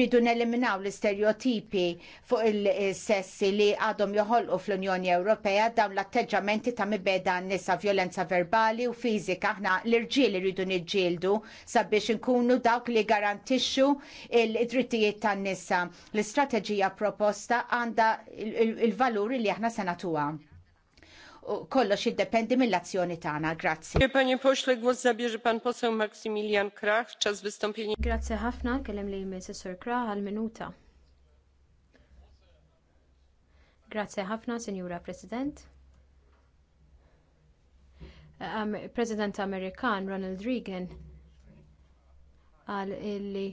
Rridu neliminaw l-istereotipi fuq il-sessi li għadhom joħolqu fl-Unjoni Ewropea dawn l-atteġġamenti ta' mibeda nisa violenza verbali u fizika aħna l-irġiel rridu niġġieldu sabiex inkunu dawk li garantixxu il-drittijiet tan-nisa. L-istrateġija proposta għandha il-valuri li aħna se nagħtuha u kollox jiddependi mill-azzjoni tagħna. Grazzi. Panie pośle, głos zabierze pan poseł Maksymilian Krach, czas wystąpienia. Grazie ħafna, kellem li jmiss Sir Krach għal minuta. Grazie ħafna, Sinjura President. President Amerikan Ronald Reagan għal illi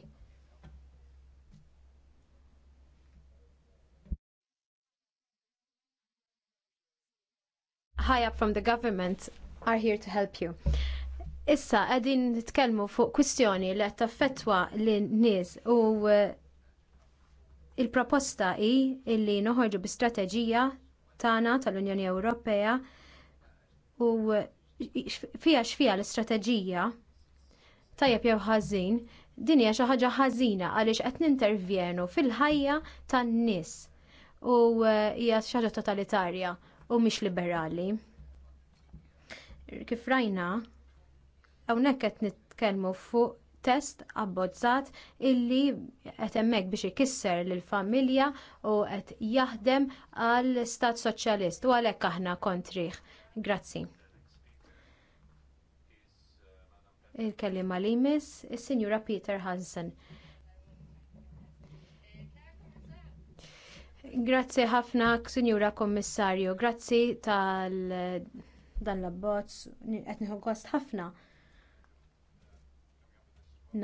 high up from the government are here to help you. Issa, għedin nitkellmu fuq kwistjoni li qed taffettwa lin-nies u uh, il-proposta hi illi noħorġu bi strateġija tagħna tal-Unjoni Ewropea u uh, fija xfija l-istrateġija tajjeb jew ħażin din hija xi ħaġa ħażina għaliex qed nintervjenu fil-ħajja tan-nies u uh, hija xi ħaġa totalitarja u mhix liberali. Kif rajna, hawnhekk qed nitkellmu fuq test abbozzat illi qed hemmhekk biex ikisser lill familja u qed jaħdem għal stat soċjalist u għalhekk aħna kontrih. Grazzi. Il-kellima li jmiss is-Sinjura Peter Hansen. Grazzi ħafna, Sinjura Kommissarju. Grazzi tal dan l-abbozz, qed nieħu ħafna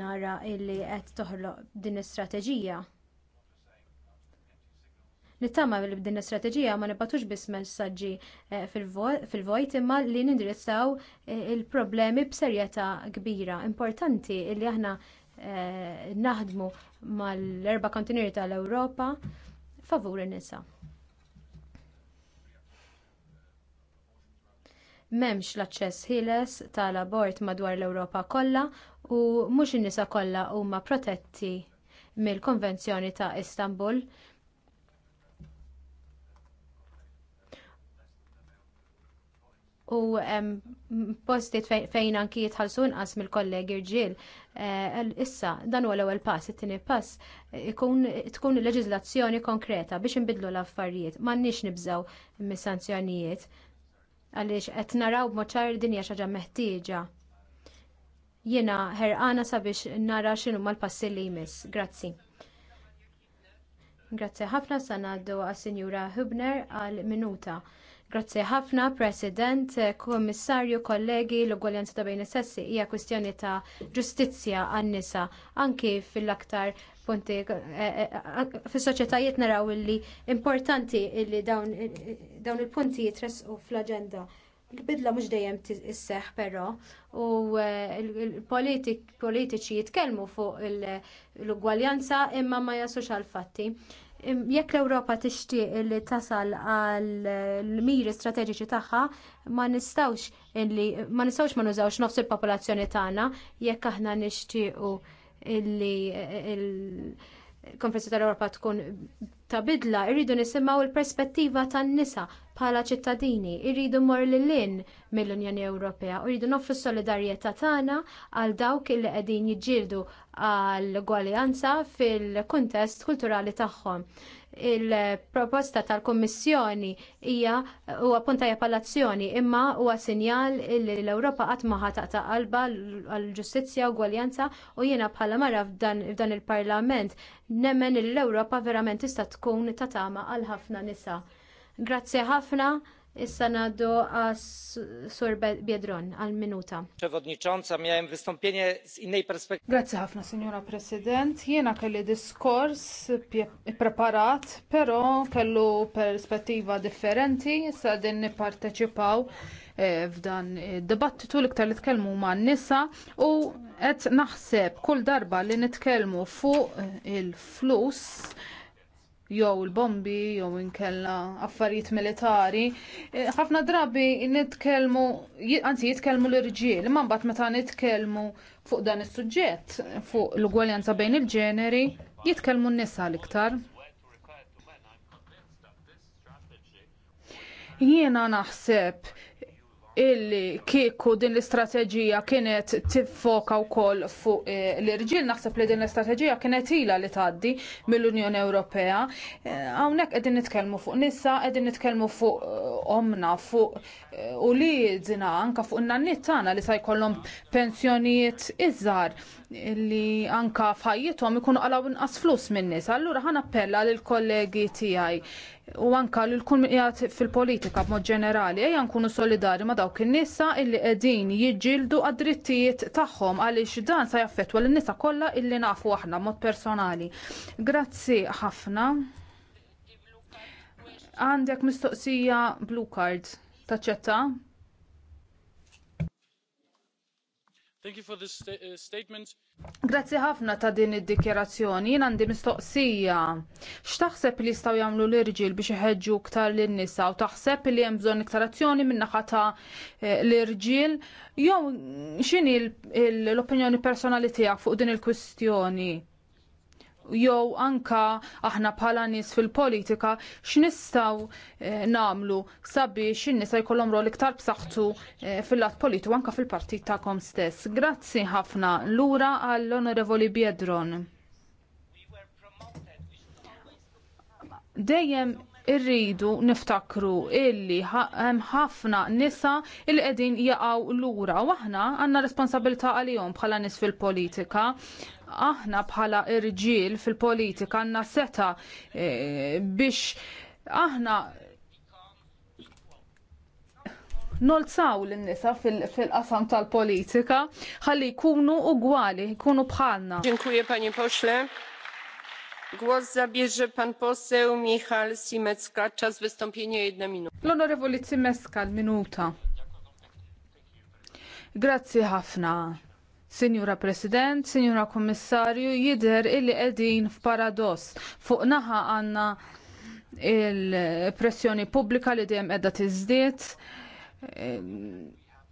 nara illi qed toħloq din l-istrateġija. Nittama li b'din l-istrateġija ma nibatux biss messaġġi eh, fil-vojt imma li nindirizzaw eh, il-problemi b'serjetà kbira. Importanti illi aħna eh, naħdmu mal-erba kontiniri tal-Ewropa favur nisa M'hemmx l-aċċess ħieles tal-abort madwar l-Ewropa kollha u mhux in-nisa kollha huma protetti mill-Konvenzjoni ta' Istanbul u postit fejn anki jitħallsu inqas mill-kollegi rġiel. Eh, issa, dan huwa l-ewwel pass, it-tieni pass tkun leġiżlazzjoni konkreta biex inbidlu l-affarijiet, m'għandniex nibżgħu mis-sanzjonijiet għaliex qed naraw b'moċar dinja xi ħaġa meħtieġa. Jiena ħerqana sabiex nara x'inhu mal-passi li jmiss. Grazzi. Grazzi ħafna sanaddu ngħaddu għas-Sinjura Hubner għal minuta. Grazzi ħafna, President, Kummissarju, kollegi, l-ugwaljanza ta' bejn is-sessi hija kwistjoni ta' ġustizzja għan-nisa anki fil-aktar punti eh, eh, fis-soċjetajiet naraw li importanti li dawn, dawn il-punti jitresqu fl-aġenda. Il-bidla mhux dejjem isseħ però u eh, l-politiċi jitkellmu fuq l-ugwaljanza imma ma jasux għal-fatti jekk l-Ewropa tixtieq li tasal għal eh, miri strateġiċi tagħha, ma nistgħux ma nistgħux ma nużawx nofs il-popolazzjoni tagħna jekk aħna nixtiequ illi eh, il-Konferenza tal-Ewropa tkun ta' bidla, irridu nisimgħu l perspettiva tan-nisa bħala ċittadini irridu mor l lin mill-Unjoni Ewropea u rridu noffru solidarjetà tagħna għal dawk li qegħdin jiġġieldu għal gwaljanza fil-kuntest kulturali tagħhom. Il-proposta tal-Kommissjoni hija huwa punta palazzjoni imma huwa sinjal li l-Ewropa qatt ma ħataq ta' qalba għall-ġustizzja u gwaljanza u jiena bħala mara f'dan il-Parlament nemmen li l-Ewropa verament tista' tkun ta' tama għal ħafna nisa. Grazzi ħafna. Issa nadu Sur Biedron għal minuta. Przewodnicząca, miałem wystąpienie z innej perspektywy. Grazie ħafna, Signora President. Jena kelli diskors preparat, pero kellu perspettiva differenti, issa din nipparteċipaw eh, f'dan id-dibattitu eh, l-iktar li tkellmu ma' nisa u qed naħseb kull darba li nitkellmu fuq eh, il-flus jew il-bombi jew inkella affarijiet militari. E, ħafna drabi nitkellmu anzi jitkellmu l-irġiel, imma mbagħad meta nitkellmu fuq dan is-suġġett fuq l-ugwaljanza bejn il-ġeneri, jitkellmu n-nisa l-iktar. Jiena naħseb illi kieku din l-istrateġija kienet tiffoka wkoll fuq eh, l-irġiel naħseb li din l-istrateġija kienet ilha li tgħaddi mill-Unjoni Ewropea. Eh, hawnhekk qegħdin nitkellmu fuq nisa, qegħdin nitkellmu fuq eh, omna, fuq u li dzina, anka fuq in-nannit tagħna li se jkollhom pensjonijiet iżgħar li anka f'ħajjithom ikunu qalaw inqas flus minn nisa. Allura ħan appella lill kollegi tiegħi u anka l kulmijat fil-politika b'mod ġenerali ejja nkunu solidari ma' dawk in-nisa illi qegħdin jiġġieldu għad-drittijiet tagħhom għaliex dan se jaffettwa lin-nisa kollha illi nafu aħna mod personali. Grazzi ħafna. Għandek mistoqsija blue card taċċetta? Thank you for this uh, statement. Grazzi ħafna ta' din id-dikjerazzjoni. Jien għandi mistoqsija. X'taħseb li jistgħu jagħmlu l-irġiel biex iħeġġu ktar lin-nisa u taħseb li hemm bżonn iktar azzjoni minn naħa ta' eh, l-irġiel? Jew x'inhi l-opinjoni personali tiegħek fuq din il-kwistjoni? jew anka aħna bħala nies fil-politika x'nistgħu eh, nagħmlu sabiex in-nisa jkollhom rol iktar b'saħħtu eh, fil-lat politiku anka fil-partit tagħkom stess. Grazzi ħafna lura għall-Onorevoli Biedron. Dejjem irridu niftakru illi hemm ħafna nisa il qegħdin jaqgħu lura u aħna għandna responsabilità għalihom bħala nies fil-politika. Aħna bħala irġiel fil-politika għandna seta e, biex aħna nolzaw l-nisa fil-qasam fil qasam tal politika ħalli jkunu ugwali, jkunu bħalna. Dziękuję, panie pośle. L-Onorevoli Simeska, minuta. Grazzi ħafna. Sinjura President, Sinjura Kommissarju, jider illi qegħdin f'paradoss. Fuq naħa għandna il-pressjoni pubblika li dejjem qiegħda tiżdied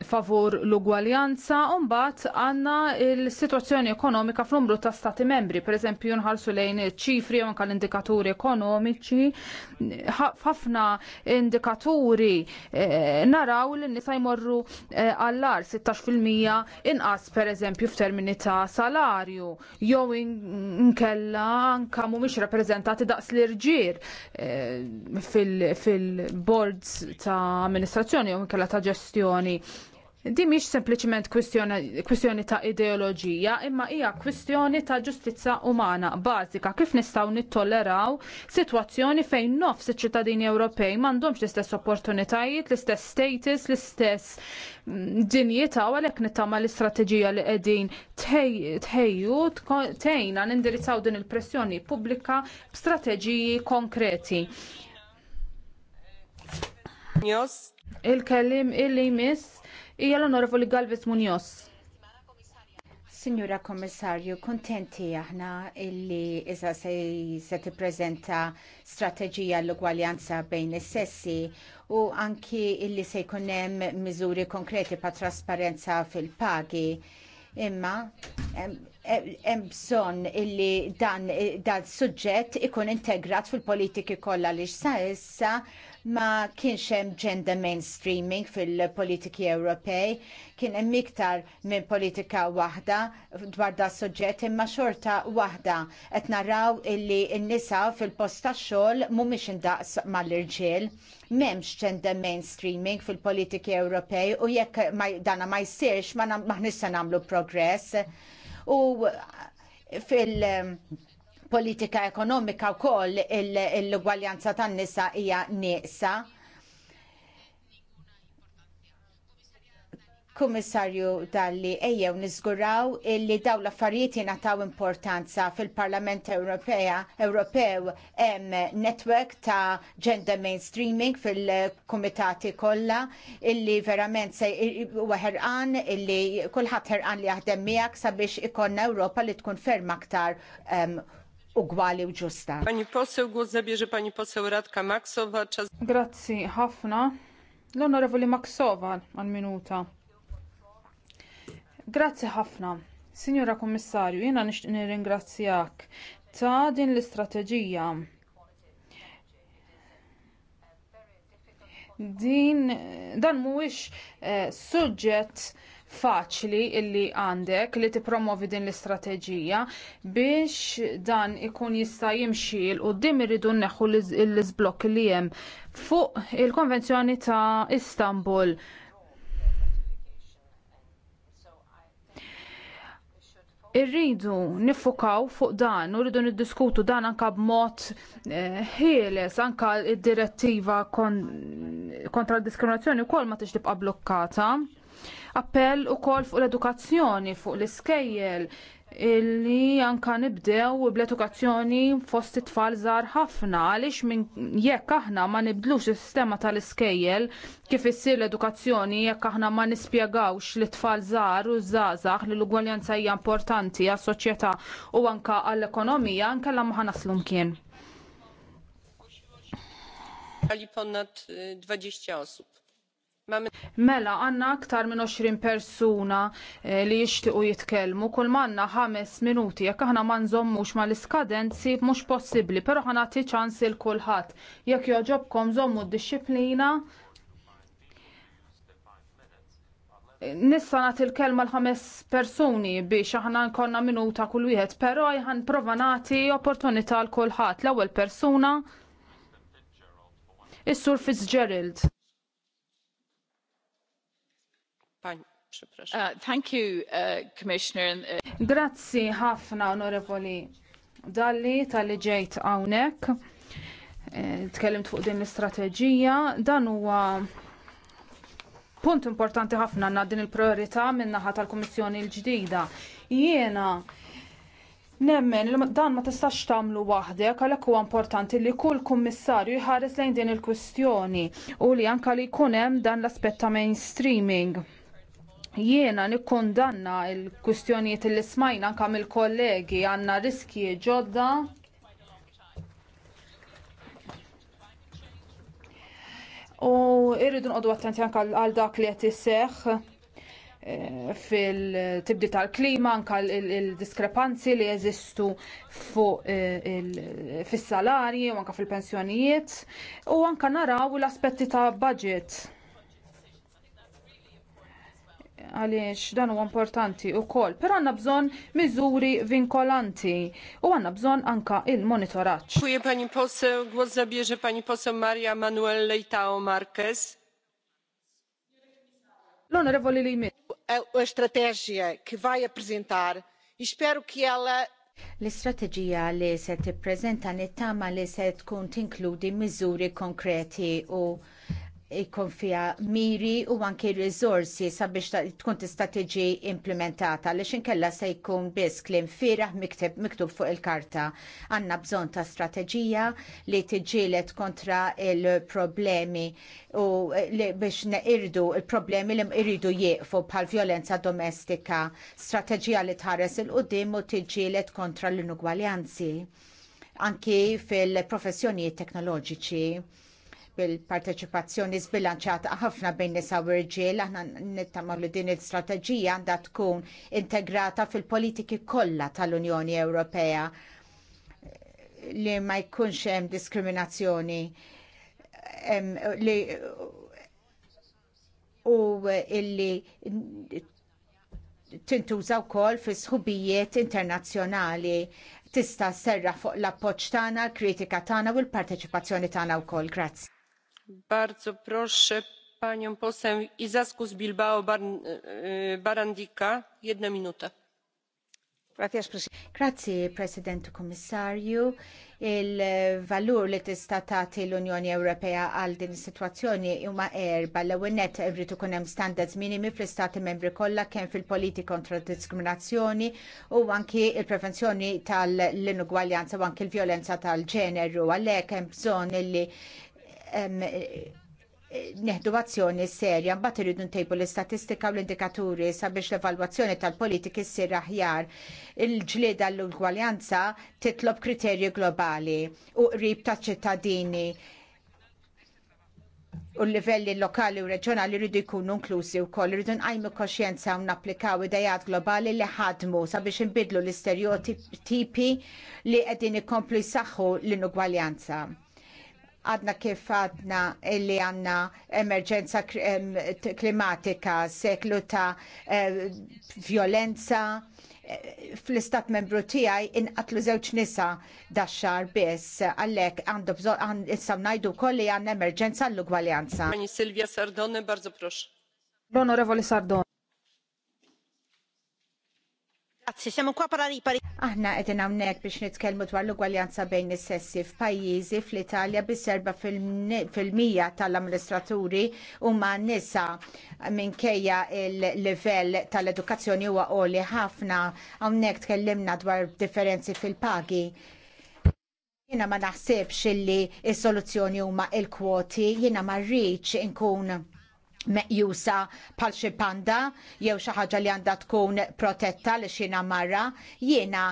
favur l-ugwaljanza u mbagħad għandna l-sitwazzjoni ekonomika fl umru ta' stati membri, pereżempju nħarsu lejn ċifri u anke l-indikaturi ekonomiċi, ħafna indikaturi eh, naraw li nisa jmorru eh, għallar 16% inqas pereżempju f'termini ta' salarju, jew inkella anka mhumiex rappreżentati daqs l-irġier eh, fil-boards ta' amministrazzjoni u inkella ta' ġestjoni Di miex sempliciment kwistjoni ta' ideoloġija, imma hija kwistjoni ta' ġustizza umana bażika kif nistgħu nittolleraw sitwazzjoni fejn nofs iċ-ċittadini Ewropej m'għandhomx l-istess opportunitajiet, l-istess status, l-istess mm, dinjità u għalhekk nittama l-istrateġija li qegħdin tħejju tgħinna nindirizzaw din il-pressjoni pubblika b'strateġiji konkreti. Il-kellim illi miss Ija l-Onorevoli Galvez Munoz. Signora Kommissarju, kontenti aħna illi iza se, se tippreżenta strateġija l-ugwaljanza bejn is-sessi u anki illi se jkun hemm miżuri konkreti pa' trasparenza fil-pagi. Imma hemm bżonn illi dan eh, dal suġġett ikun integrat fil-politiki kollha li sa issa ma kienx hemm gender mainstreaming fil-politiki Ewropej, kien hemm iktar minn politika waħda dwar da suġġett imma xorta waħda qed naraw illi n-nisa fil-post xogħol mhumiex indaqs mal-irġiel. M'hemmx gender mainstreaming fil-politiki Ewropej u jekk dana ma jsirx ma se nagħmlu progress. U fil- politika ekonomika wkoll l-ugwaljanza tan-nisa hija nieqsa. Kummissarju Dalli, ejjew niżguraw illi daw l-affarijiet jingħataw importanza fil-Parlament Ewropea Ewropew hemm netwerk ta' gender mainstreaming fil-kumitati kollha illi verament se huwa illi kulħadd ħerqan li jaħdem miegħek sabiex ikonna Ewropa li tkun ferm aktar um, ugwali u ġusta. Pani poseł, głos zabierze pani poseł Radka Maksowa. Czas... Grazzi ħafna. L-onorevoli Maksova għal minuta. Grazzi ħafna. Signora Kommissarju, jena nir nirringrazzjak ta' din l-istrateġija din dan mhuwiex eh, suġġett faċli illi għandek li tippromovi din l-istrateġija biex dan ikun jista' jimxi l qudiem irridu nneħħu l-iżblokk li hemm fuq il-Konvenzjoni ta' Istanbul. irridu nifukaw fuq dan, u rridu niddiskutu dan anka b'mod eh, ħieles, anka id-direttiva kontra l-diskriminazzjoni wkoll ma tix tibqa' blokkata. Appell ukoll fuq l-edukazzjoni, fuq l-iskejjel, illi anka nibdew bl-edukazzjoni fost it-tfal żgħar ħafna għaliex minn jekk aħna ma nibdlux is-sistema tal-iskejjel kif issir l-edukazzjoni jekk aħna ma nispjegawx li tfal żgħar u żgħażagħ li l-ugwaljanza hija importanti għas-soċjetà u anka għall-ekonomija anke la ma naslu mkien. ponad 20 e, osób Mela, għanna aktar minn 20 persuna eh, li jishtiqu jitkellmu, kull manna 5 minuti, jekk aħna ma nżommux ma l-iskadenzi mhux possibbli, però ħana ti ċans il kulħadd. Jekk joġobkom żommu d-disciplina, nissa nagħti l-kelma l-ħames persuni biex aħna nkonna minuta kull wieħed, però jħan prova nagħti opportunità l kulħadd l-ewwel persuna is-Sur Fitzgerald. E, thank you, e, Commissioner. E, Grazzi ħafna, onorevoli Dalli, tal-li ġejt hawnhekk. Tkellimt fuq din l-istrateġija. Dan huwa punt importanti ħafna għandna din il-priorità min-naħa tal-Kummissjoni l-ġdida. Jiena Nemmen, dan ma tistax tagħmlu waħdek, għalhekk huwa importanti li kull kummissarju jħares lejn din il-kwistjoni u li anke li jkun hemm dan l aspetta ta' mainstreaming Jiena nikkondanna il-kustjonijiet li smajna kam il-kollegi għanna riski ġodda u irridu nqodu attenti anke għal dak li qed isseħħ eh, fil-tibdi tal-klima, anka il-diskrepanzi li jeżistu fuq eh, fis-salarji u anka fil-pensjonijiet u anka naraw l-aspetti ta' budget għaliex dan u importanti u kol. Pero għanna bżon miżuri vinkolanti u għanna bżon anka il-monitoraġġ. Dziękuję pani poseł. Głos zabierze pani poseł Maria Manuel Leitao Marquez. l La strategia che vai a prezentar, spero che ella L-istrateġija li se t-prezenta nittama li se tkun tinkludi miżuri konkreti u ikun fija miri u anki rizorsi sabiex tkun tista' tiġi implementata li xinkella se jkun biss klim firaħ miktub fuq il-karta. Għanna bżonn ta' strateġija li tiġilet kontra il-problemi u biex neqirdu il-problemi li irridu jieqfu bħal violenza domestika, strateġija li tħares il-qudiem u tiġilet kontra l-inugwaljanzi anki fil-professjonijiet teknoloġiċi bil-parteċipazzjoni sbilanċata ħafna bejn nisa u rġiel, aħna nittamaw li din il-strateġija għandha tkun integrata fil-politiki kollha tal-Unjoni Ewropea li ma jkunx hemm diskriminazzjoni li u illi tintuża wkoll fi sħubijiet internazzjonali tista' serraħ fuq l-appoġġ tagħna, l-kritika tagħna u l-parteċipazzjoni tagħna wkoll. Grazzi. Bardzo proszę panią poseł Bilbao Barandika. Jedna minuta. Grazie President Kommissarju. Il-valur li tista' tagħti l-Unjoni Ewropea għal din is-sitwazzjoni huma erba l ewwel nett irid ikun hemm standards minimi fl-istati membri kollha kemm fil politika kontra d diskriminazzjoni u anki l prevenzjoni tal-inugwaljanza u anki l-vjolenza tal-ġeneru għalhekk hemm bżonn li neħdu azzjoni serja, mbagħad iridu ntejbu l-istatistika u l-indikaturi sabiex l-evalwazzjoni tal-politiki ssir aħjar. Il-ġlieda l-ugwaljanza titlob kriterji globali u qrib ta' ċittadini u l-livelli lokali u reġjonali rridu jkunu inklużi wkoll, rridu nqajmu koxjenza u napplikaw idejat globali li ħadmu sabiex inbidlu l-istereotipi li qegħdin ikomplu jsaħħu l-inugwaljanza għadna kif għadna illi għanna emerġenza klimatika, seklu ta' eh, violenza. Eh, fl-istat membru tijaj inqatlu zewċ nisa daċxar bis, għallek għandu bżon għandu issa najdu kolli għan emerġenza l-ugwaljanza. Għani Silvia Sardone, barzo proszę. L-Onorevoli Sardone. Grazzi, siamo qua para ripari. Aħna edin għamnek biex nitkellmu dwar l-ugwaljanza bejn is-sessi f'pajjiżi fl-Italja biserba serba fil-mija tal-amministraturi huma nisa minkejja il-livell tal-edukazzjoni huwa għoli ħafna hawnhekk tkellimna dwar differenzi fil-pagi. Jiena ma naħsibx illi s-soluzzjoni huma il-kwoti, jiena ma rridx inkun meqjusa bħal xi panda jew xi ħaġa li għandha tkun protetta li xina marra, jiena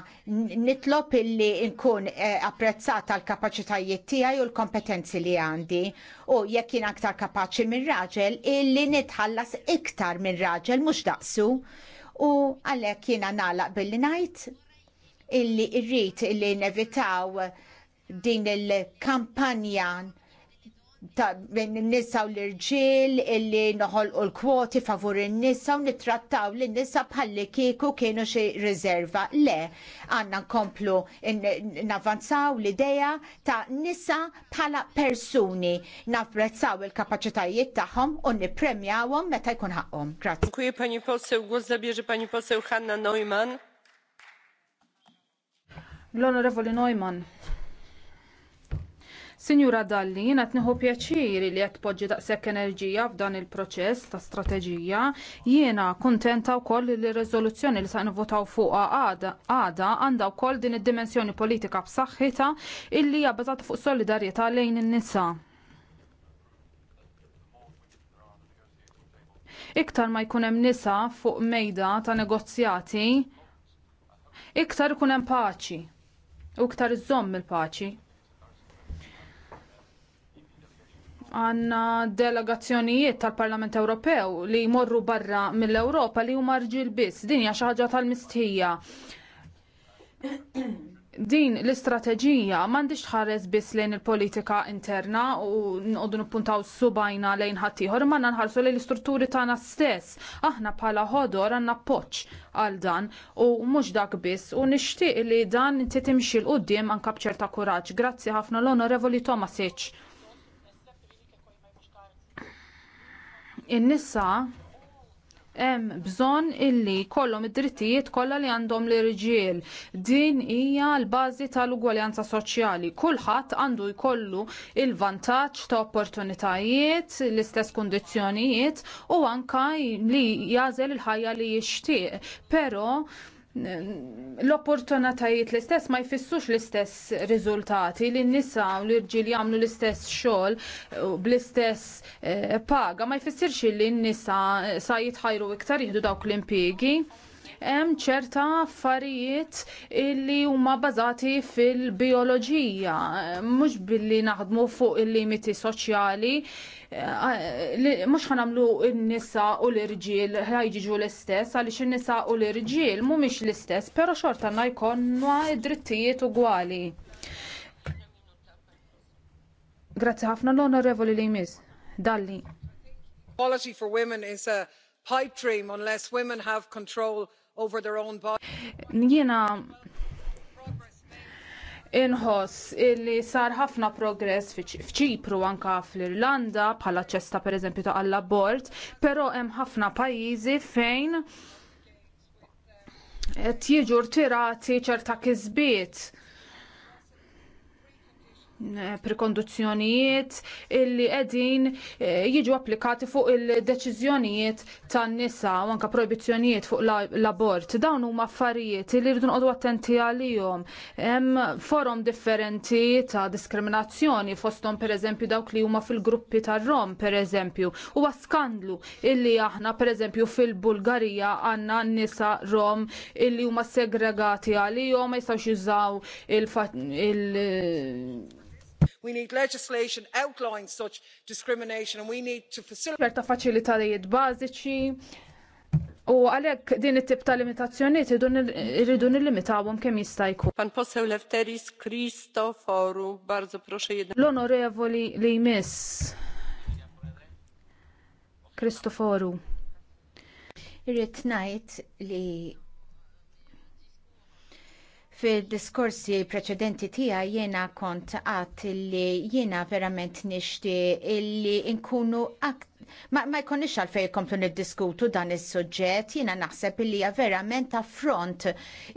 nitlob illi nkun eh, apprezzata l kapaċitajiet tiegħi u l-kompetenzi li għandi u jekk jien aktar kapaċi minn raġel illi nitħallas iktar minn raġel mhux daqsu u għalhekk jiena nalaq billi ngħid illi rrit illi nevitaw din il-kampanja ta' bejn n-nisa u l-irġiel illi noħolqu l-kwoti favur n nisa u nittrattaw l-nisa bħalli kieku kienu xi riserva. Le, għandna nkomplu avanzaw l-idea ta' nisa bħala persuni, napprezzaw il-kapaċitajiet tagħhom u nippremjawhom meta jkun ħakom. Grazie. Dziękuję pani poseł. Głos zabierze pani poseł Hanna Neumann. L-Onorevoli Neumann. Sinjura Dalli, jina nieħu pjaċir li qed tpoġġi daqshekk enerġija f'dan il-proċess ta' strateġija. Jiena kuntenta wkoll li r-riżoluzzjoni li sa' nivvotaw fuqha għada għandha wkoll din id-dimensjoni politika b'saħħitha illi hija bbażata fuq solidarjetà lejn in-nisa. Iktar ma jkun hemm nisa fuq mejda ta' negozjati, iktar ikun hemm paċi u iktar iżomm il-paċi. għanna delegazzjonijiet tal-Parlament Ewropew li jmorru barra mill-Ewropa li huma rġiel biss. Din hija xi ħaġa tal-mistħija. Din l-istrateġija m'għandix tħares biss lejn il-politika interna u noqogħdu nippuntaw subajna lejn ħaddieħor imma nħarsu lejn l-istrutturi tagħna stess. Aħna bħala ħodor għandna appoġġ għal dan u mhux dak biss u nixtieq li dan titimxi l-qudiem anke b'ċerta kuraġġ. Grazzi ħafna l-Onorevoli Tomasic. in-nisa hemm bżonn illi jkollhom id-drittijiet kollha li għandhom l-irġiel. Din hija l-bażi tal-ugwaljanza soċjali. Kulħadd għandu jkollu il-vantaġġ ta' opportunitajiet, l-istess kundizzjonijiet u anka li jażel il-ħajja li jixtieq. Però l-opportunitajiet l-istess ma jfissux l-istess riżultati li n-nisa u l-irġil jagħmlu l-istess xogħol bl-istess eh, paga ma jfissirx li n-nisa sa jitħajru iktar jieħdu dawk l-impjiegi hemm ċerta affarijiet illi huma bażati fil-bioloġija, mhux billi naħdmu fuq il-limiti soċjali, eh, mhux ħanamlu n-nisa u l-irġiel ħajġiġu l-istess għaliex in-nisa u l-irġiel mhumiex l-istess, però xorta jkollna id-drittijiet ugwali. Grazzi ħafna l-onorevoli li jmiss. Dalli. Equality for women is a pipe dream unless women have control over their own body. Jiena inħoss illi sar ħafna progress f'ċipru anka fl-Irlanda bħala ċesta pereżempju ta' għall-abort, però hemm ħafna pajjiżi fejn qed jiġu rtirati ċerta kisbiet Prekonduzzjonijiet illi qegħdin eh, jiġu applikati fuq il-deċiżjonijiet tan-nisa u anke proibizjonijiet fuq l-abort. Dawn huma affarijiet li rridu nqogħdu attenti għalihom. Hemm forum differenti ta' diskriminazzjoni fosthom pereżempju dawk li huma fil-gruppi tar-Rom pereżempju. Huwa skandlu illi aħna pereżempju fil-Bulgarija għandna nisa Rom illi huma segregati għalihom ma jistgħux jużaw il-, il We need legislation outlawing such discrimination and we need to facilitate. ta' faċilitajiet bażiċi u għalhekk din it-tip ta' limitazzjonijiet iridu nillimitawhom kemm jista' jkun. Pan poseł Lefteris Kristoforu, bardzo proxi jedna. L-onorevoli li jmiss. Kristoforu. Irrid ngħid li Fil-diskorsi preċedenti tija jiena kont għat li jiena verament nixti illi nkunu aktar ma, ma għal għalfej komplu niddiskutu dan is-suġġett, jiena naħseb illi hija verament affront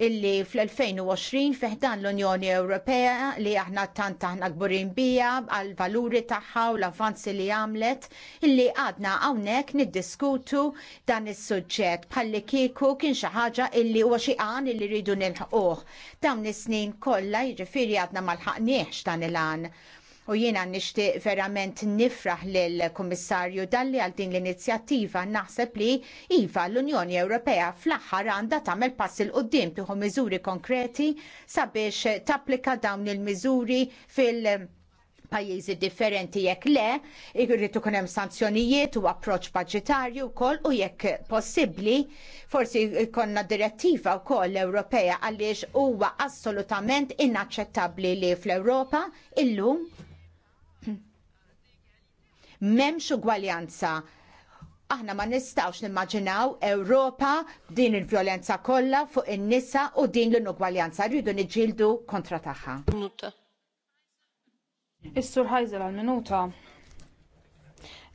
illi fl-2020 fih dan l-Unjoni Ewropea li aħna tant aħna gburin bija għal valuri tagħha u l-avanzi li għamlet illi għadna hawnhekk niddiskutu dan is-suġġett bħalli kieku kien xi ħaġa illi huwa xi qan illi rridu nilħquh. Dawn is-snin kollha jiġifieri għadna ma lħaqniex dan il-għan. U jiena nixtieq verament nifraħ lill kummissarju dalli għal din l-inizjattiva naħseb li iva l-Unjoni Ewropea fl-aħħar għandha tagħmel pass il qudiem tieħu miżuri konkreti sabiex tapplika dawn il-miżuri fil- pajjiżi differenti jekk le, irrid ikun hemm sanzjonijiet u approċċ budġetarju wkoll u jekk possibbli forsi jkollna direttiva wkoll Ewropea għaliex huwa assolutament inaċċettabbli li fl-Ewropa illum M'hemmx ugwaljanza aħna ma nistawx nimmaġinaw Ewropa din il-vjolenza kollha fuq in-nisa u din l-inugwaljanza rridu niġġieldu kontra tagħha. Minuta. Is-Sur Ħajżel għal-minuta.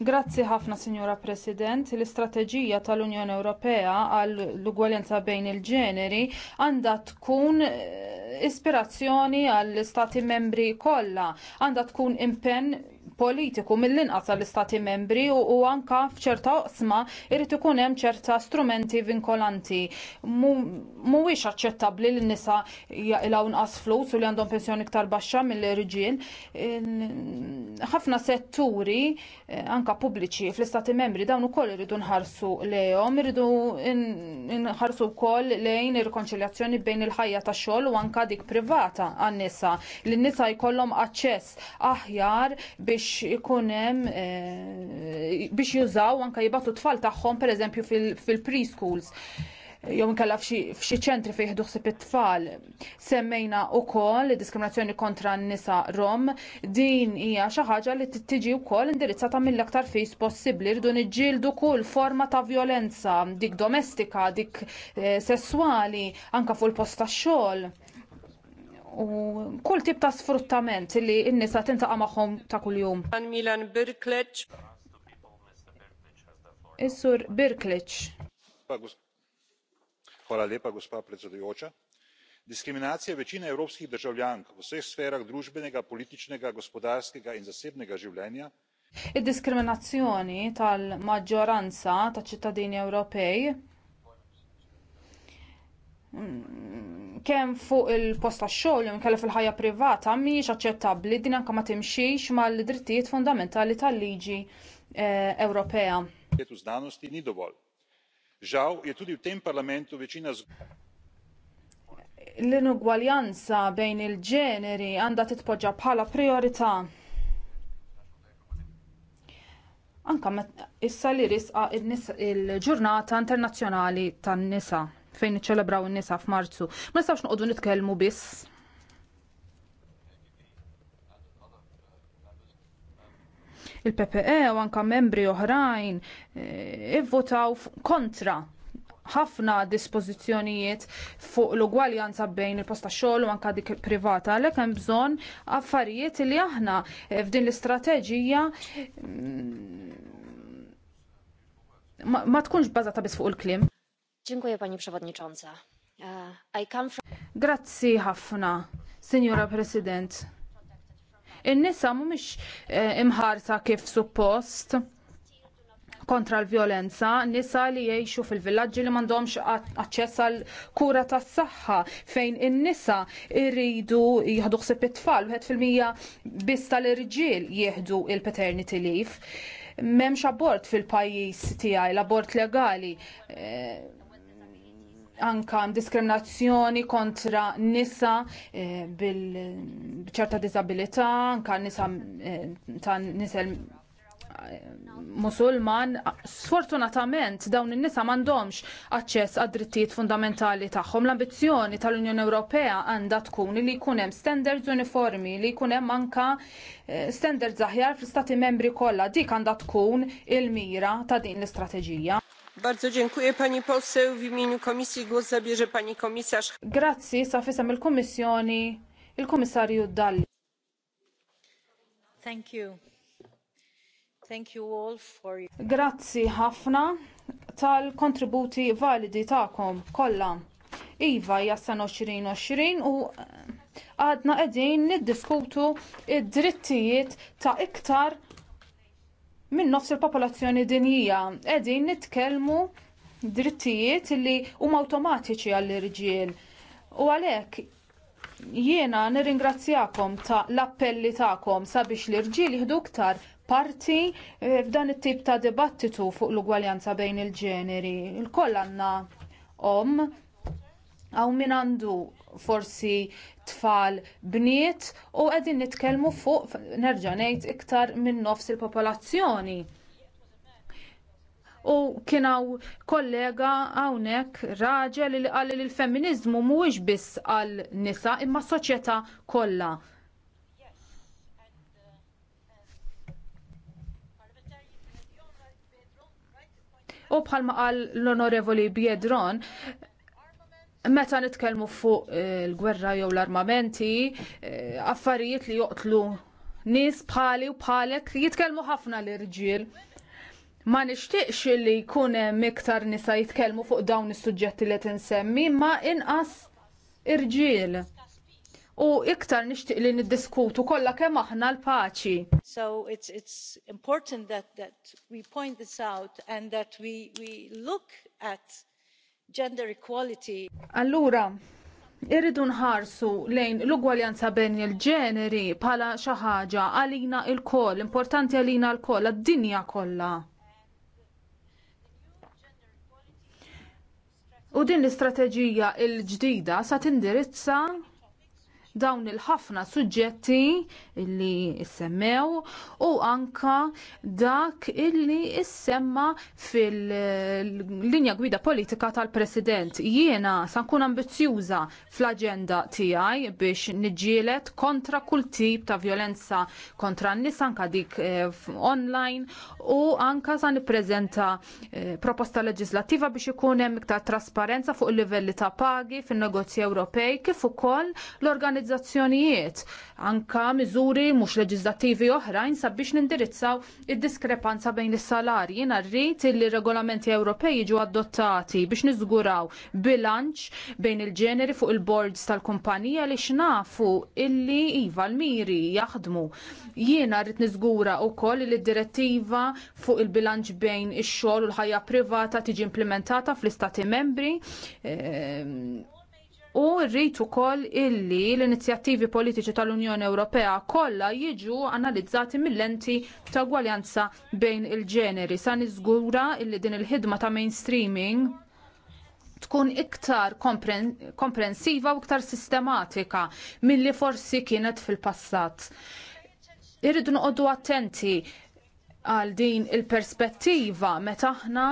Grazzi ħafna, Sinjora President. L-istrateġija tal-Unjoni Ewropea għall-ugwaljanza bejn il-ġeneri għandha tkun eh, ispirazzjoni għall-Stati membri kollha, għandha tkun impenn politiku mill-inqas tal-istati membri u anke f'ċerta oqsma jrid ikun hemm ċerta strumenti vinkolanti. Mhuwiex aċċettabbli li nisa jaqilgħu nqas flus u li għandhom pensjoni iktar baxxa mill-irġiel. Ħafna setturi eh, anke pubbliċi fl-istati membri dawn ukoll iridu nħarsu lejhom, iridu nħarsu wkoll lejn ir-rikonċiljazzjoni bejn il-ħajja tax-xogħol u anke dik privata għan-nisa. Lin-nisa jkollhom aċċess aħjar biex biex ikun hemm eh, biex jużaw anke jibatu tfal tagħhom pereżempju fil-preschools jew kalla f'xi ċentri fejn jieħdu it-tfal. Semmejna wkoll diskriminazzjoni kontra n-nisa Rom, din hija xi ħaġa li tiġi wkoll indirizzata mill-aktar fejs possibbli rridu niġġieldu kull forma ta' violenza, dik domestika, dik eh, sesswali, anke fuq il-post tax-xogħol u kull tip ta' sfruttament li n-nisa tintaqa' magħhom ta' kull kuljum. Milan Birklec. Is-sur Birklec. Hvala lepa, gospa predsedujoča. Diskriminacija večine evropskih državljank v vseh sferah družbenega, političnega, gospodarskega in zasebnega življenja Id-diskriminazzjoni tal-maġġoranza ta' ċittadini Ewropej Mm, kemm fuq il-post tax-xogħol jew inkella fil-ħajja privata mhijiex aċċettabbli din anke ma timxix mal-drittijiet fundamentali tal-liġi eh, Ewropea. tem parlamentu L-inugwaljanza bejn il-ġeneri għandha titpoġġa bħala priorità. Anka issa li risqa il-ġurnata internazzjonali tan-nisa fejn iċċelebraw in-nisa f'Marzu. Ma nistgħux noqogħdu nitkellmu biss. il-PPE u anka membri oħrajn eh, ivvotaw kontra ħafna dispożizzjonijiet fuq l-ugwaljanza bejn il posta xogħol u anka dik privata għalhekk hemm bżonn affarijiet li aħna eh, f'din l-istrateġija mm, ma, tkunx bażata biss fuq il-klim. Dziękuję Pani Przewodnicząca. Uh, I come from... Grazzi ħafna, Signora President. In-nisa mhumiex eh, imħarsa kif suppost kontra l-vjolenza, nisa li jgħixu fil-villagġi li mandomx aċċess għal kura tas saħħa fejn in-nisa irridu jieħdu ħsieb it-tfal, wieħed fil-mija biss l irġiel jieħdu il-paternity leave. M'hemmx abort fil-pajjiż tiegħi, l-abort legali. Eh, anka diskriminazzjoni kontra nisa eh, bil-ċerta disabilità, anka nisa eh, ta' nisel eh, musulman, sfortunatament dawn in-nisa m'għandhomx aċċess għad drittijiet fundamentali tagħhom. L-ambizzjoni tal-Unjoni Ewropea għandha tkun li jkun hemm standards uniformi, li jkun hemm anka standards aħjar fl-istati membri kollha. Dik għandha tkun il-mira ta' din l-istrateġija. Bardzo dziękuję pani poseł. W imieniu komisji głos zabierze pani komisarz. Grazzi, sa il-Komissjoni, il-Komissarju Dalli. Thank you. Thank you all for Grazzi ħafna tal-kontributi validi tagħkom kollha. Iva jassan 2020 u eh, għadna qegħdin niddiskutu id-drittijiet ta' iktar minn nofs il-popolazzjoni dinjija. Qegħdin nitkellmu drittijiet li huma awtomatiċi għall-irġiel. U għalhekk jiena nirringrazzjakom ta' l-appelli tagħkom sabiex l-irġiel jieħdu iktar parti eh, f'dan it-tip ta' dibattitu fuq l-ugwaljanza bejn il-ġeneri. Il-koll għandna om Għaw min għandu forsi tfal bniet u għedin nitkelmu fuq nerġanejt iktar minn nofs il-popolazzjoni. U kienaw kollega għawnek raġel li għalli li l-feminizmu mhuwiex biss għal nisa imma soċjetà kollha. U bħalma qal l-onorevoli Biedron, Meta nitkellmu fuq il-gwerra eh, jew l-armamenti, eh, affarijiet li joqtlu nies bħali u bħalek jitkellmu ħafna l-irġiel. Ma nixtieqx li jkun hemm iktar nisa jitkellmu fuq dawn is-suġġetti li tinsemmi, ma inqas irġiel. U iktar nixtieq li niddiskutu kollha kemm aħna l-paċi. So it's it's important that that we point this out and that we we look at gender equality. Allura, irridu nħarsu lejn l-ugwaljanza bejn il-ġeneri bħala xi ħaġa għalina l-koll, importanti għalina l-koll, għad-dinja kollha. U din l-istrateġija l ġdida sa tindirizza dawn il-ħafna suġġetti illi semmew u anka dak illi issemma fil-linja gwida politika tal-President. Jiena sankun ambizjuża fl-agenda tiegħi biex niġġielet kontra kull tip ta' violenza kontra n-nies anka dik eh, online u anka sa nippreżenta eh, proposta leġislattiva biex ikun hemm iktar trasparenza fuq il-livelli ta' pagi fin-negozji Ewropej kif ukoll l-organizzazzjoni organizzazzjonijiet anka miżuri mhux leġislattivi oħrajn sabiex nindirizzaw id-diskrepanza bejn is-salarji. Jiena rrid li regolamenti Ewropej jiġu adottati biex niżguraw bilanċ bejn il-ġeneri fuq il-boards tal-kumpanija li xnafu illi iva l-miri jaħdmu. Jiena rrid niżgura wkoll li d-direttiva fuq il-bilanċ bejn ix-xogħol u l-ħajja privata tiġi implementata fl-istati membri. Ehm, u rrid ukoll illi l-inizjattivi politiċi tal-Unjoni Ewropea kollha jiġu analizzati mill-lenti ta' gwaljanza bejn il-ġeneri. Sa niżgura illi din il-ħidma ta' mainstreaming tkun iktar komprensiva u iktar sistematika milli forsi kienet fil-passat. Irridu noqogħdu attenti għal din il-perspettiva meta aħna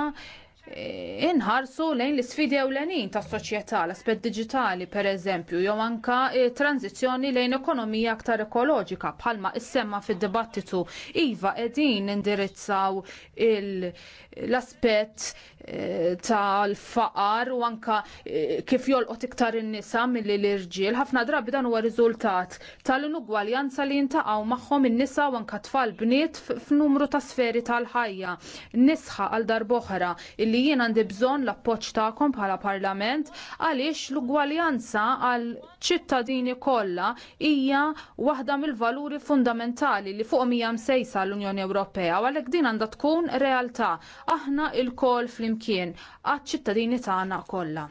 inħarsu lejn l-isfidi ewlenin tas soċjetà l-aspett diġitali pereżempju jew anke tranzizzjoni lejn ekonomija aktar ekoloġika bħalma issemma fid-dibattitu iva qegħdin indirizzaw l-aspett eh, tal-faqar u anke eh, kif jolqot iktar in-nisa milli l-irġiel ħafna drabi dan huwa riżultat tal-inugwaljanza li jintaqgħu magħhom in-nisa u anke tfal bniet f'numru ta' sferi tal-ħajja nisħa għal darb'oħra illi li jien għandi bżonn l-appoġġ tagħkom bħala Parlament għaliex l-ugwaljanza għal ċittadini kollha hija waħda mill-valuri fundamentali li fuq hija msejsa l-Unjoni Ewropea u għalhekk din għandha tkun realtà aħna lkoll flimkien għal ċittadini tagħna kollha.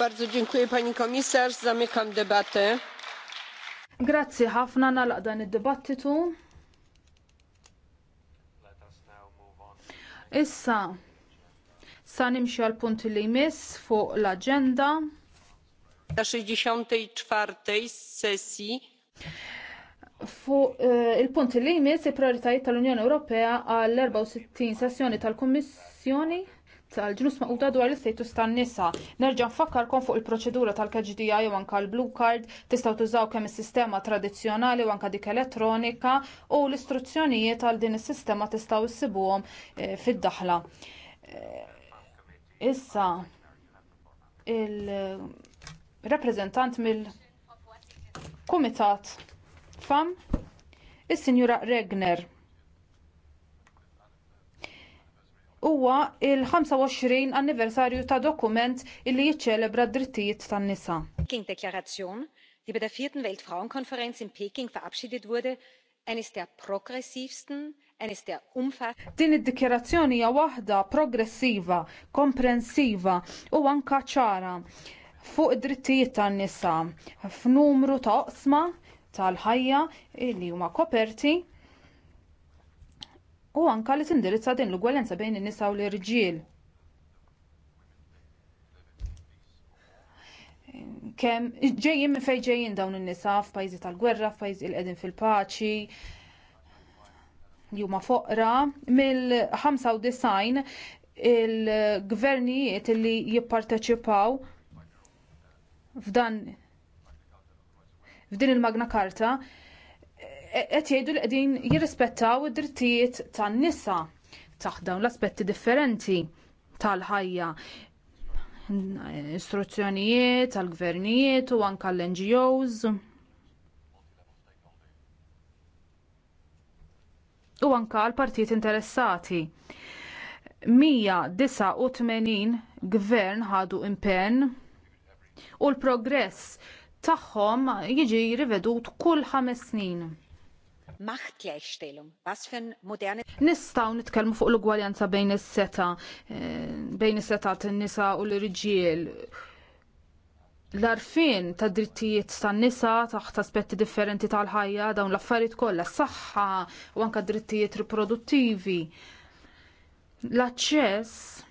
Bardzo dziękuję pani komisarz, zamykam debatę. Grazzi ħafna nalaq dan id-dibattitu. Issa, Sa nimxu għal punt li jmiss fuq l-agenda. Ta' 64 sessi. Fuq eh, il-punt li jmiss il-prioritajiet tal-Unjoni Ewropea għal 64 sessjoni tal-Kommissjoni tal-ġnus maquta dwar l-istatus tan-nisa. Nerġa' nfakkarkom fuq il-proċedura tal-KGDI u anka l-Blue Card tistaw tużaw kemm is-sistema tradizzjonali u anka dik elettronika u l-istruzzjonijiet għal din is-sistema tistgħu issibuhom eh, fid-daħla. Eh, Issa il-rappreżentant mill-Kumitat FAM, is-Sinjura Regner. Huwa il-25 anniversarju ta' dokument illi jiċċelebra d-drittijiet tan-nisa. Peking Deklaration, die bei der vierten Weltfrauenkonferenz in Peking verabschiedet wurde, eines der progressivsten Din id-dikjerazzjoni hija waħda progressiva, komprensiva u anka ċara fuq id-drittijiet tan-nisa f'numru ta' oqsma tal-ħajja li huma koperti u anka li tindirizza din l-ugwalenza bejn in-nisa u l-irġiel. kem ġejjin minn fejn ġejjin dawn in-nisa f'pajjiżi tal-gwerra, f'pajjiżi li qegħdin fil-paċi, li huma foqra mill-95 il-gvernijiet li jipparteċipaw f'dan f'din il-Magna Karta e-, qed jgħidu li qegħdin jirrispettaw id-drittijiet tan-nisa taħdem l-aspetti differenti tal-ħajja istruzzjonijiet, tal-gvernijiet u anke l-NGOs. u anka l partijiet interessati. 189 gvern ħadu impenn u l-progress tagħhom jiġi rivedut kull ħames snin. Nistgħu nitkellmu fuq l-ugwaljanza bejn is-seta, eh, bejn is-seta tan-nisa u l-irġiel l-arfin ta' drittijiet tan nisa taħt aspetti differenti tal-ħajja dawn l-affarijiet kollha s-saħħa u anke drittijiet riproduttivi. L-aċċess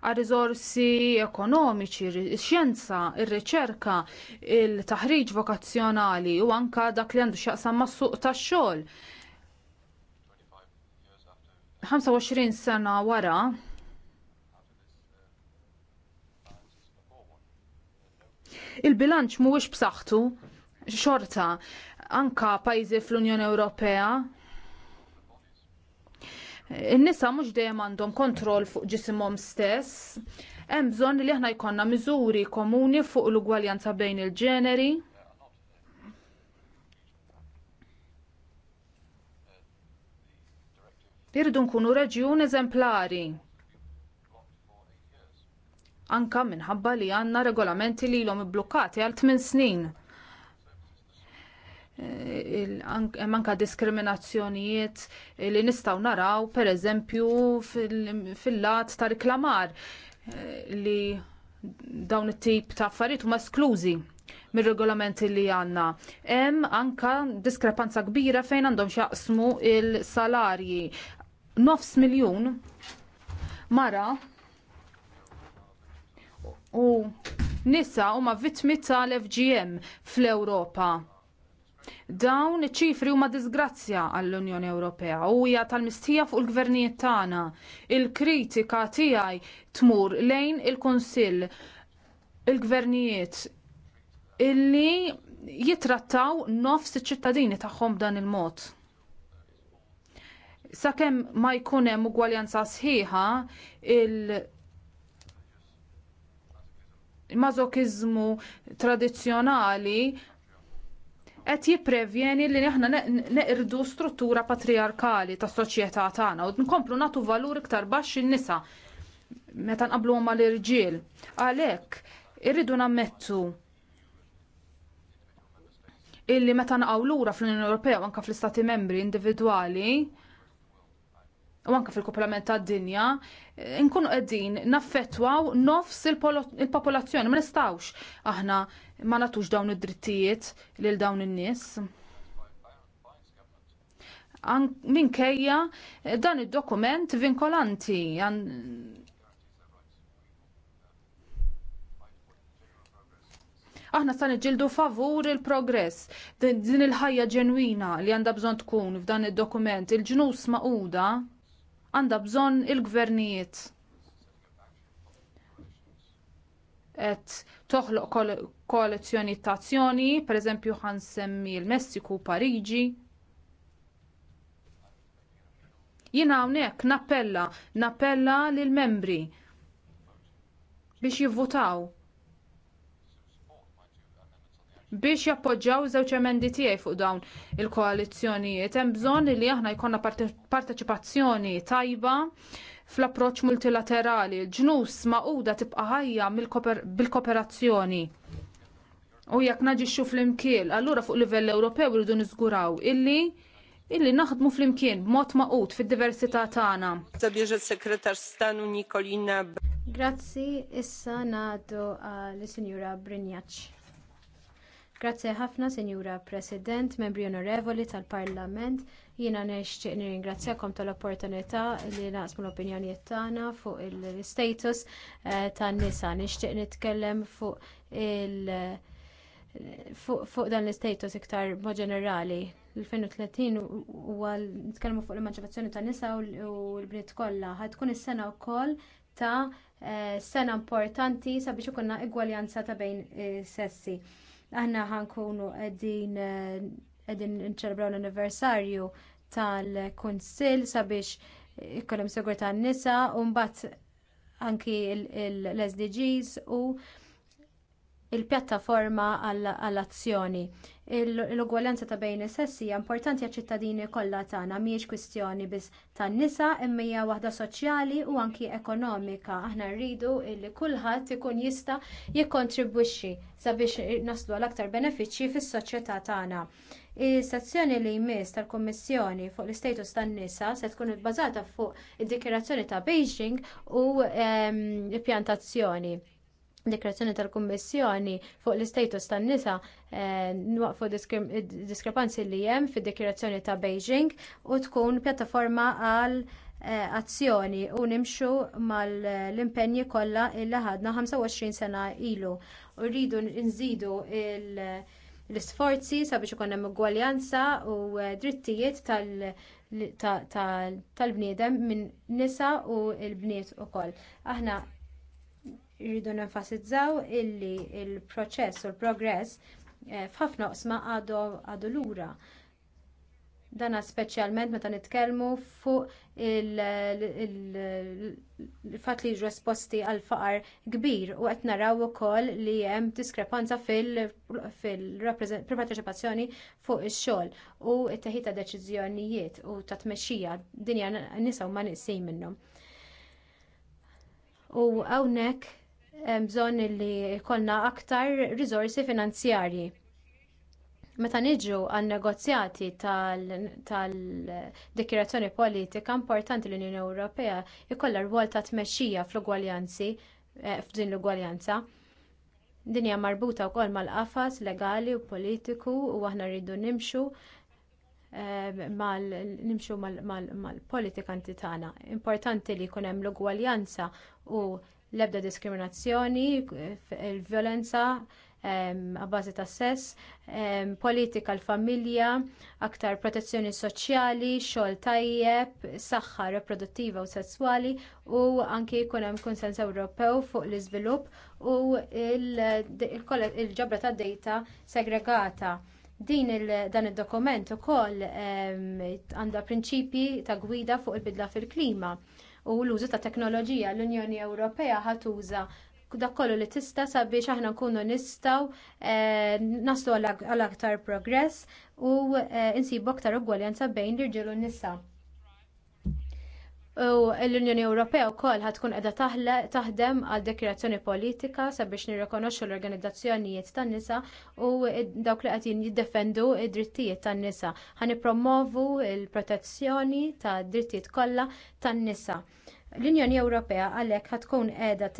għal riżorsi ekonomiċi, xjenza, ir-riċerka, il-taħriġ vokazzjonali u anke dak li għandu x'jaqsam mas-suq tax-xogħol. 25 sena wara Il-bilanċ mhuwiex b'saħħtu xorta anka pajjiżi fl-Unjoni Ewropea In-nisa mhux dejjem għandhom kontroll fuq ġisimhom stess. Hemm bżonn li aħna jkollna miżuri komuni fuq l-ugwaljanza bejn il-ġeneri. Irridu nkunu reġjun eżemplari anka minħabba li għandna regolamenti li l-om blokkati għal 8 snin. E, hemm anke diskriminazzjonijiet li nistgħu naraw pereżempju fil-lat ta' riklamar e, li dawn it-tip ta' affarijiet huma esklużi mir-regolamenti li għandna. Hemm anke diskrepanza kbira fejn għandhom xaqsmu il-salarji. Nofs miljun mara u nisa huma vittmi tal-FGM fl-Ewropa. Dawn iċ-ċifri huma disgrazzja għall-Unjoni Ewropea u hija tal-mistija fuq il-gvernijiet tagħna. Il-kritika tiegħi tmur lejn il-Kunsill il-gvernijiet illi jitrattaw nofs iċ-ċittadini tagħhom dan il-mod. Sakemm ma jkun hemm ugwaljanza sħiħa il- mażokizmu tradizzjonali qed jipprevjeni li aħna neqirdu struttura patriarkali tas soċjetà tagħna u nkomplu nagħtu valur iktar baxx in-nisa meta nqablu mal irġiel Għalhekk irridu nammettu illi meta naqgħu lura fl-Unjoni Ewropea u anke fl-Istati Membri individwali u anke fil kopplament tad dinja, eh, nkunu qegħdin naffettwaw nofs il-popolazzjoni, ma nistawx aħna ma nagħtux dawn id-drittijiet lil dawn in-nies. Minkejja eh, dan id-dokument vinkolanti aħna sa niġildu favur il-progress, din il-ħajja ġenwina li għandha bżonn tkun f'dan id-dokument, il-ġnus maquda għandha bżonn il-gvernijiet. Et toħloq koalizjoni ta' azzjoni, pereżempju ħansemmi l-Messiku, Pariġi, jina hawnhekk nappella, nappella lill membri biex jivvotaw biex jappoġġaw żewġ emendi tiegħi fuq dawn il-koalizzjonijiet. Hemm bżonn li aħna jkollna parteċipazzjoni tajba fl-approċċ multilaterali. ġnus maquda tibqa' ħajja bil koperazzjoni U jekk naġixxu fl-imkiel, allura fuq livell Ewropew irridu niżguraw illi illi naħdmu fl-imkien b'mod maqut fid-diversità tagħna. Zabieġa sekretar stanu Nikolina. Grazzi, issa nagħtu l-Sinjura Brinjaċ. Grazzi ħafna, Sinjura President, membri onorevoli tal-Parlament. Jiena nixtieq nirringrazzjakom tal-opportunità li naqsmu l-opinjonijiet tagħna fuq il-status eh, tan-nisa. Nixtieq nitkellem fuq il- fuq dan l-status iktar mod ġenerali. L-2030 huwa nitkellmu fuq l-emanċipazzjoni tan-nisa u l-bniet kollha. Ħadkun is-sena wkoll ta' eh, sena importanti sabiex ikunna igwaljanza ta' bejn eh, sessi. Aħna ħankunu qegħdin eh, qegħdin nċelebraw l-anniversarju tal-Kunsill sabiex ikollhom sigurtà n-nisa u mbagħad anki l-SDGs u il-pjattaforma għall-azzjoni l-ugwalenza ta' bejn is-sessi hija importanti għaċ-ċittadini kollha tagħna mhijiex kwistjoni biss tan-nisa imma hija waħda soċjali u anki ekonomika. Aħna rridu li kulħadd ikun jista' jikkontribwixxi sabiex naslu għal aktar benefiċċji fis-soċjetà tagħna. Is-sezzjoni li jmiss tal-Kummissjoni fuq l-istatus tan-nisa se tkun ibbażata fuq id-dikjerazzjoni ta' Beijing u l-pjantazzjoni. Ehm, dekrazzjoni tal-Kummissjoni fuq l-istatus tan-nisa eh, nwaqfu diskrepanzi li hemm fid dekrazzjoni ta' Beijing u tkun pjattaforma għal eh, azzjoni u nimxu mal-impenji kollha illi ħadna 25 sena ilu. U rridu nżidu l-isforzi sabiex ikun hemm ugwaljanza u eh, drittijiet tal- tal-bniedem minn nisa u l-bniet ukoll. Aħna Rridu nenfasizzaw illi l proċess u l-progress eh, f'ħafna qsma għadu lura. Dana speċjalment meta nitkellmu fuq il fatt li risposti għal faqar kbir u qed naraw ukoll li hemm diskrepanza fil-parteċipazzjoni fuq ix-xogħol u t-teħid ta' deċiżjonijiet u ta' tmexxija dinja nisa ma nisim minnhom. U hawnhekk bżonn li jkollna aktar rizorsi finanzjarji. Meta niġu għan negozjati tal-dikjerazzjoni politika, importanti l-Unjoni Ewropea jkollha rwol ta' tmexxija fl-ugwaljanzi eh, f'din l-ugwaljanza. Din hija marbuta wkoll mal-qafas legali u politiku u aħna rridu nimxu eh, nimxu mal-politika antitana. Importanti li jkun hemm l-ugwaljanza u l-ebda diskriminazzjoni, il-violenza għabbażi ta' sess, politika l-familja, aktar protezzjoni soċjali, xol tajjeb, saħħa reproduttiva u sesswali u anki jkun hemm konsens Ewropew fuq l-iżvilupp u il-ġabra tad dejta segregata din il, dan id-dokument ukoll għandha prinċipji ta' gwida fuq il-bidla fil-klima u l-użu ta' teknoloġija l-Unjoni Ewropea ħatuża dak kollu li tista' sabiex aħna nkunu nistgħu eh, naslu għal aktar progress u eh, insibu aktar ugwaljanza bejn l-irġiel u n-nisa. U l-Unjoni Ewropea wkoll ħad tkun qiegħda taħdem għal dekirazzjoni politika sabiex nirrikonoxxu l-organizzazzjonijiet tan-nisa u dawk li qed jiddefendu id-drittijiet tan-nisa. Ħan promovu l-protezzjoni ta' drittijiet kollha tan-nisa. L-Unjoni Ewropea għalhekk ħad tkun qiegħda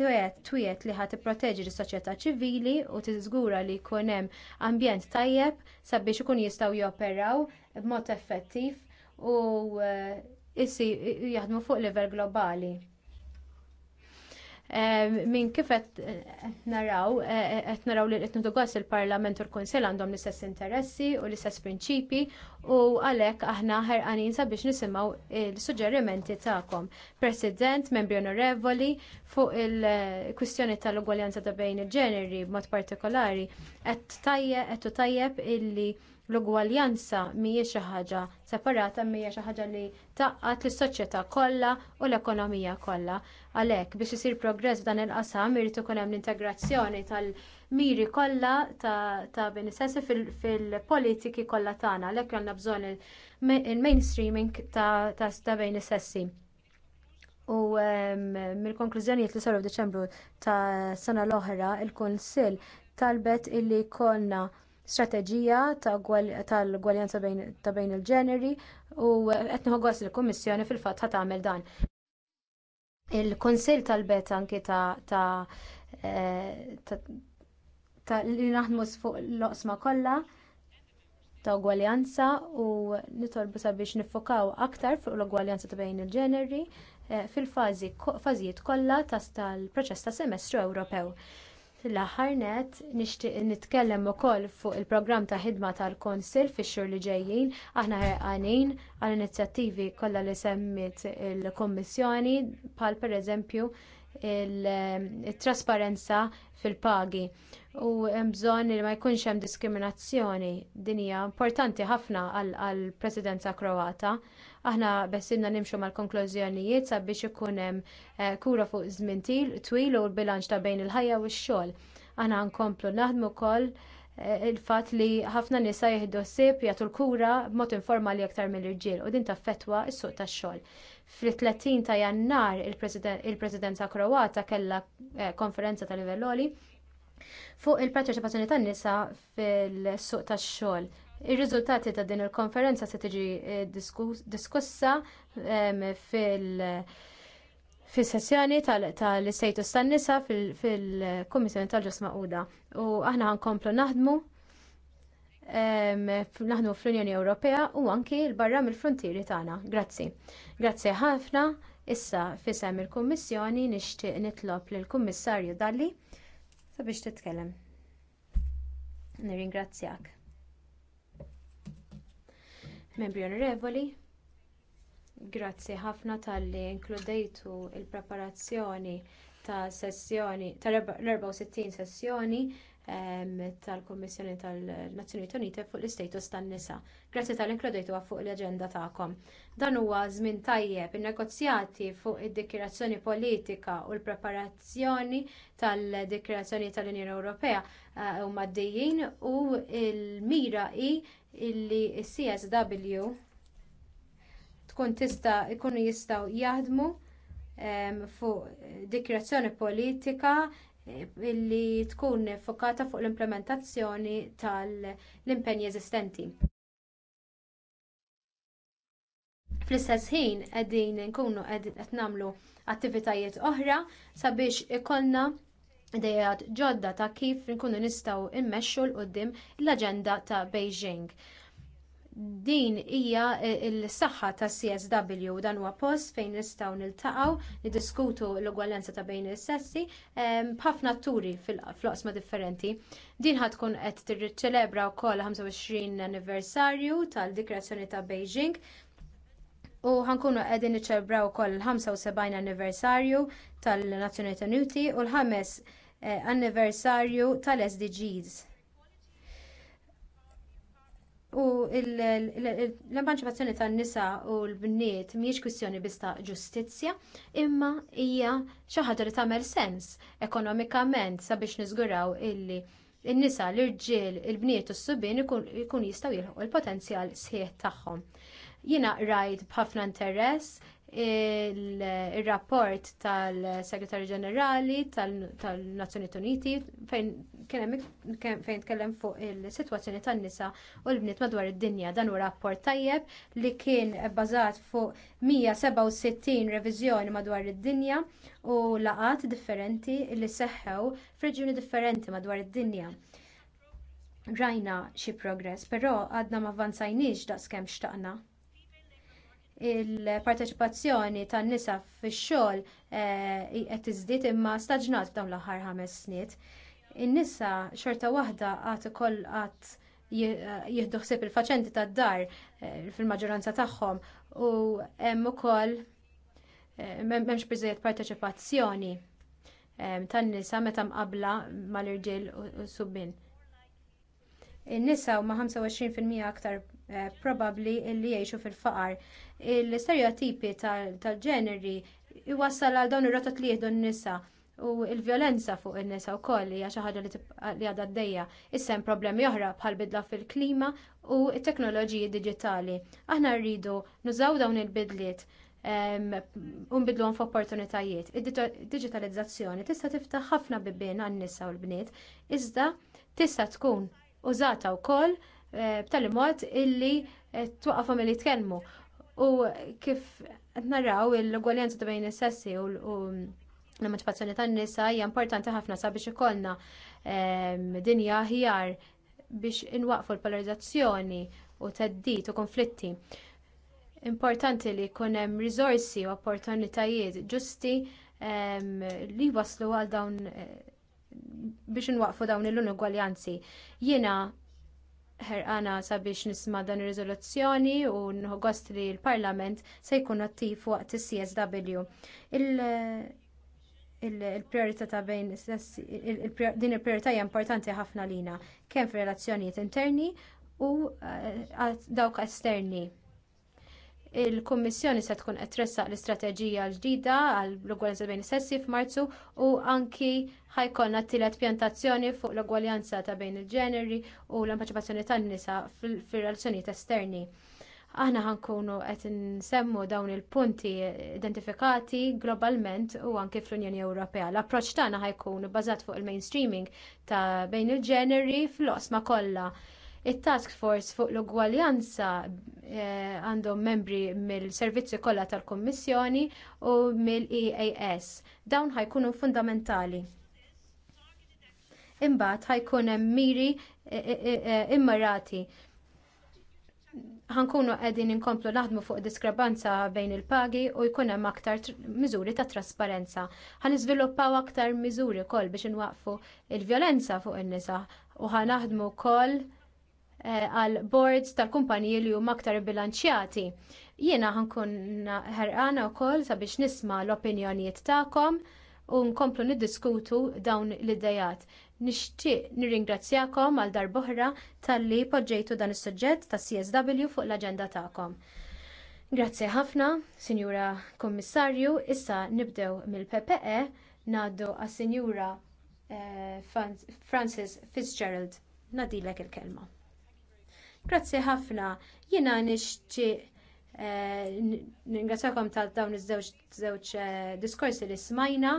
twiet li ħad proteġi l-soċjetà ċivili u tiżgura li jkun hemm ambjent tajjeb sabiex ikun jistgħu joperaw b'mod effettiv u issi jaħdmu fuq livell globali. Eh, min kifet eh, naraw, eh, qed naraw li qed nitugos il-Parlament u l konsil għandhom l-istess interessi u l-istess prinċipi u għalhekk aħna ħerqanin sabiex nisimgħu l-suġġerimenti tagħkom. President, membri onorevoli, fuq il-kwistjoni tal-ugwaljanza ta' bejn il-ġeneri b'mod partikolari, qed tajjeb qed tajjeb illi L-ugwaljanza mhijiex xi ħaġa separata mija xi ħaġa li taqqat lis-soċjetà kollha u l-ekonomija kollha. Għalhekk biex isir progress dan il-qasam irid ikun hemm l-integrazzjoni tal-miri kollha ta' benisessi fil-politiki kollha tagħna. Għalhekk għandna bżonn il-mainstreaming ta' bejn is-sessi. U ehm, mill-konklużjonijiet li saru f'Diċembru ta' sena l-oħra, il-Kunsill talbet illi konna strateġija tal-gwaljanza ta' bejn il-ġeneri u qed nħoggos il-Kummissjoni fil-fatt ħat tagħmel dan. Il-Kunsill tal-Bet anki eh, ta' li naħdmu fuq l-oqsma kollha ta' ugwaljanza u nitolbu sabiex niffokaw aktar fuq l-ugwaljanza ta' bejn il-ġeneri eh, fil-fażijiet kollha ta' tal-proċess ta' semestru Ewropew l aħħar net, nixtieq nitkellem ukoll fuq il-programm ta' ħidma tal-Konsil fix-xhur li ġejjin, aħna ħerqanin għal inizjattivi kollha li semmit il-Kommissjoni bħal pereżempju il-trasparenza fil-pagi u hemm bżonn li ma jkunx hemm diskriminazzjoni. Din hija importanti ħafna għall presidenza Kroata. Aħna bessinna nimxu mal-konklużjonijiet sabiex ikun hemm eh, kura fuq żmien twil u l-bilanċ ta' bejn il-ħajja u x-xogħol. Aħna nkomplu naħdmu wkoll eh, il fatt li ħafna nisa jieħdu sib jagħtu l-kura b'mod informali aktar mill-irġiel u din fetwa s-suq tax-xogħol. Fil-30 ta' Jannar il-Presidenza Kroata kellha eh, konferenza tal livell oli Fuq il-parteċipazzjoni tan-nisa fil-suq tax-xogħol. Ir-riżultati ta' din il-konferenza se tiġi eh, diskussa ehm, fil- fis-sessjoni tal-istatus tan-nisa fil-Kummissjoni tal-Ġus Maquda. U aħna ħankomplu naħdmu ehm, naħdmu fl-Unjoni Ewropea u anki l-barra mill-frontieri tagħna. Grazzi. Grazzi ħafna. Issa fisem il-Kummissjoni nixtieq nitlob lill-Kummissarju Dalli sabiex titkellem. Nirringrazzjak. Membri onorevoli, grazzi ħafna tal-li inkludejtu l preparazzjoni ta' sessjoni, ta' 64 sessjoni tal-Kommissjoni tal-Nazzjonijiet Unite fuq l-istatus tan-nisa. Grazzi tal-inkludejtu fuq l-aġenda tagħkom. Dan huwa żmien tajjeb in-negozjati fuq id-dikjerazzjoni politika u l-preparazzjoni tal-dikjerazzjoni tal-Unjoni Ewropea eh, huma d u l-mira hi li csw tkun tista' jkunu jistgħu jaħdmu fuq dikjerazzjoni politika billi tkun fokata fuq l-implementazzjoni tal-impenji eżistenti. Fl-istess ħin qegħdin nkunu qed nagħmlu attivitajiet oħra sabiex ikollna idejat ġodda ta' kif nkunu nistgħu immexxu l qudiem l-aġenda ta' Beijing din hija e, l-saħħa tas CSW dan huwa post fejn nistgħu niltaqgħu niddiskutu l-ugwaljanza ta' bejn is-sessi b'ħafna atturi fil oqsma differenti. Din tkun qed tirriċċelebra wkoll 25 anniversarju tal-Dikrazzjoni ta' Beijing u ħankunu qegħdin niċċelebraw ukoll il-75 anniversarju tal-Nazzjonijiet Uniti u l-ħames e, anniversarju tal-SDGs. U l-emanċipazzjoni tan-nisa u l-bniet mhijiex kwistjoni bista ġustizja, ġustizzja, imma hija xi ħaġa li tagħmel sens ekonomikament sabiex niżguraw illi n-nisa, l-irġiel, il-bniet u s-subin ikun jistgħu jilħu l-potenzjal sħiħ tagħhom. Jiena rajt b'ħafna interess il-rapport tal-Segretarju Ġenerali tal-Nazzjonijiet Uniti fejn fejn tkellem fuq il-sitwazzjoni tan-nisa u l-bniet madwar id-dinja dan huwa rapport tajjeb li kien bbażat fuq 167 reviżjoni madwar id-dinja u laqat differenti li seħħew f'reġjuni differenti madwar id-dinja. Rajna xi progress, però għadna ma avvanzajniex daqskemm xtaqna il-parteċipazzjoni tan nisa fix-xogħol eh, qed iżdied imma staġnat f'dawn l-aħħar ħames sniet. In-nisa xorta waħda għad ukoll qatt jieħdu ħsieb il-faċenti tad-dar eh, fil-maġġoranza tagħhom u hemm ukoll eh, m'hemmx biżejjed parteċipazzjoni tan-nisa meta mqabbla mal-irġiel u subbin in-nisa huma 25% aktar eh, probabbli li jgħixu fil-faqar. Il-stereotipi tal-ġeneri iwassal għal dawn ir-rotot li jieħdu n-nisa u l vjolenza fuq in-nisa wkoll hija xi ħaġa li għadha għaddejja. Issem problemi oħra bħal bidla fil-klima u t-teknoloġiji diġitali. Aħna rridu nużaw dawn il-bidliet ehm, unbidluhom f'opportunitajiet. Id-digitalizzazzjoni tista' tiftaħ ħafna bibien għan-nisa u l-bniet, iżda tista' tkun użata wkoll eh, b'tali mod illi eh, mill milli jitkellmu. U kif naraw l-ugwaljanza ta' bejn is-sessi u l-emancipazzjoni tan-nisa hija importanti ħafna sabiex ikollna ehm, dinja ħjar biex inwaqfu l-polarizzazzjoni u teddit u konflitti. Importanti li jkun hemm riżorsi u opportunitajiet ġusti ehm, li waslu għal dawn eh, biex nwaqfu dawn l-inugwaljanzi. Jiena ħerqana sabiex nisma dan ir-riżoluzzjoni u nħogost li l-Parlament se jkun attiv waqt is-CSW. Il-priorità ta' bejn din il-priorità hija importanti ħafna lina, kemm fir-relazzjonijiet interni u eh, dawk esterni il-Kummissjoni se tkun qed tressaq l-istrateġija l-ġdida għal l-ugwaljanza bejn is-sessi f'Marzu u anki ħajkollna t-tielet pjantazzjoni fuq l-ugwaljanza ta' bejn il-ġeneri u l-empaċipazzjoni tan-nisa fir-relazzjonijiet esterni. Aħna ħankunu qed nsemmu dawn il-punti identifikati globalment u anki fl-Unjoni Ewropea. L-approċċ tagħna ħajkun bbażat fuq il-mainstreaming ta' bejn il-ġeneri fl-osma kollha It-task force fuq l-ugwaljanza eh, għandhom eh, membri mill-servizzi kollha tal-Kommissjoni u mill-EAS. Dawn ħajkunu fundamentali. Imbagħad ħajkun hemm miri e, e, e, immarati. Ħankunu qegħdin inkomplu naħdmu fuq diskrepanza bejn il-pagi u jkun hemm aktar miżuri ta' trasparenza. Ħan aktar miżuri wkoll biex inwaqfu il-vjolenza fuq in-nisa u ħanaħdmu wkoll Eh, għal boards tal-kumpaniji li huma aktar bilanċjati. Jiena ħankun ħerqana wkoll sabiex nisma' l-opinjonijiet tagħkom u nkomplu niddiskutu dawn l-idejat. Nixtieq nirringrazzjakom għal darboħra talli poġġejtu dan is-suġġett ta' CSW fuq l-aġenda tagħkom. Grazzi ħafna, Sinjura Kommissarju, issa nibdew mill-PPE naddu għas-Sinjura eh, Francis Fitzgerald. Nadilek il-kelma. Grazzi ħafna. Jiena nixtieq eh, Ningrazzakom ta' dawn iż-żewġ eh, diskorsi li smajna.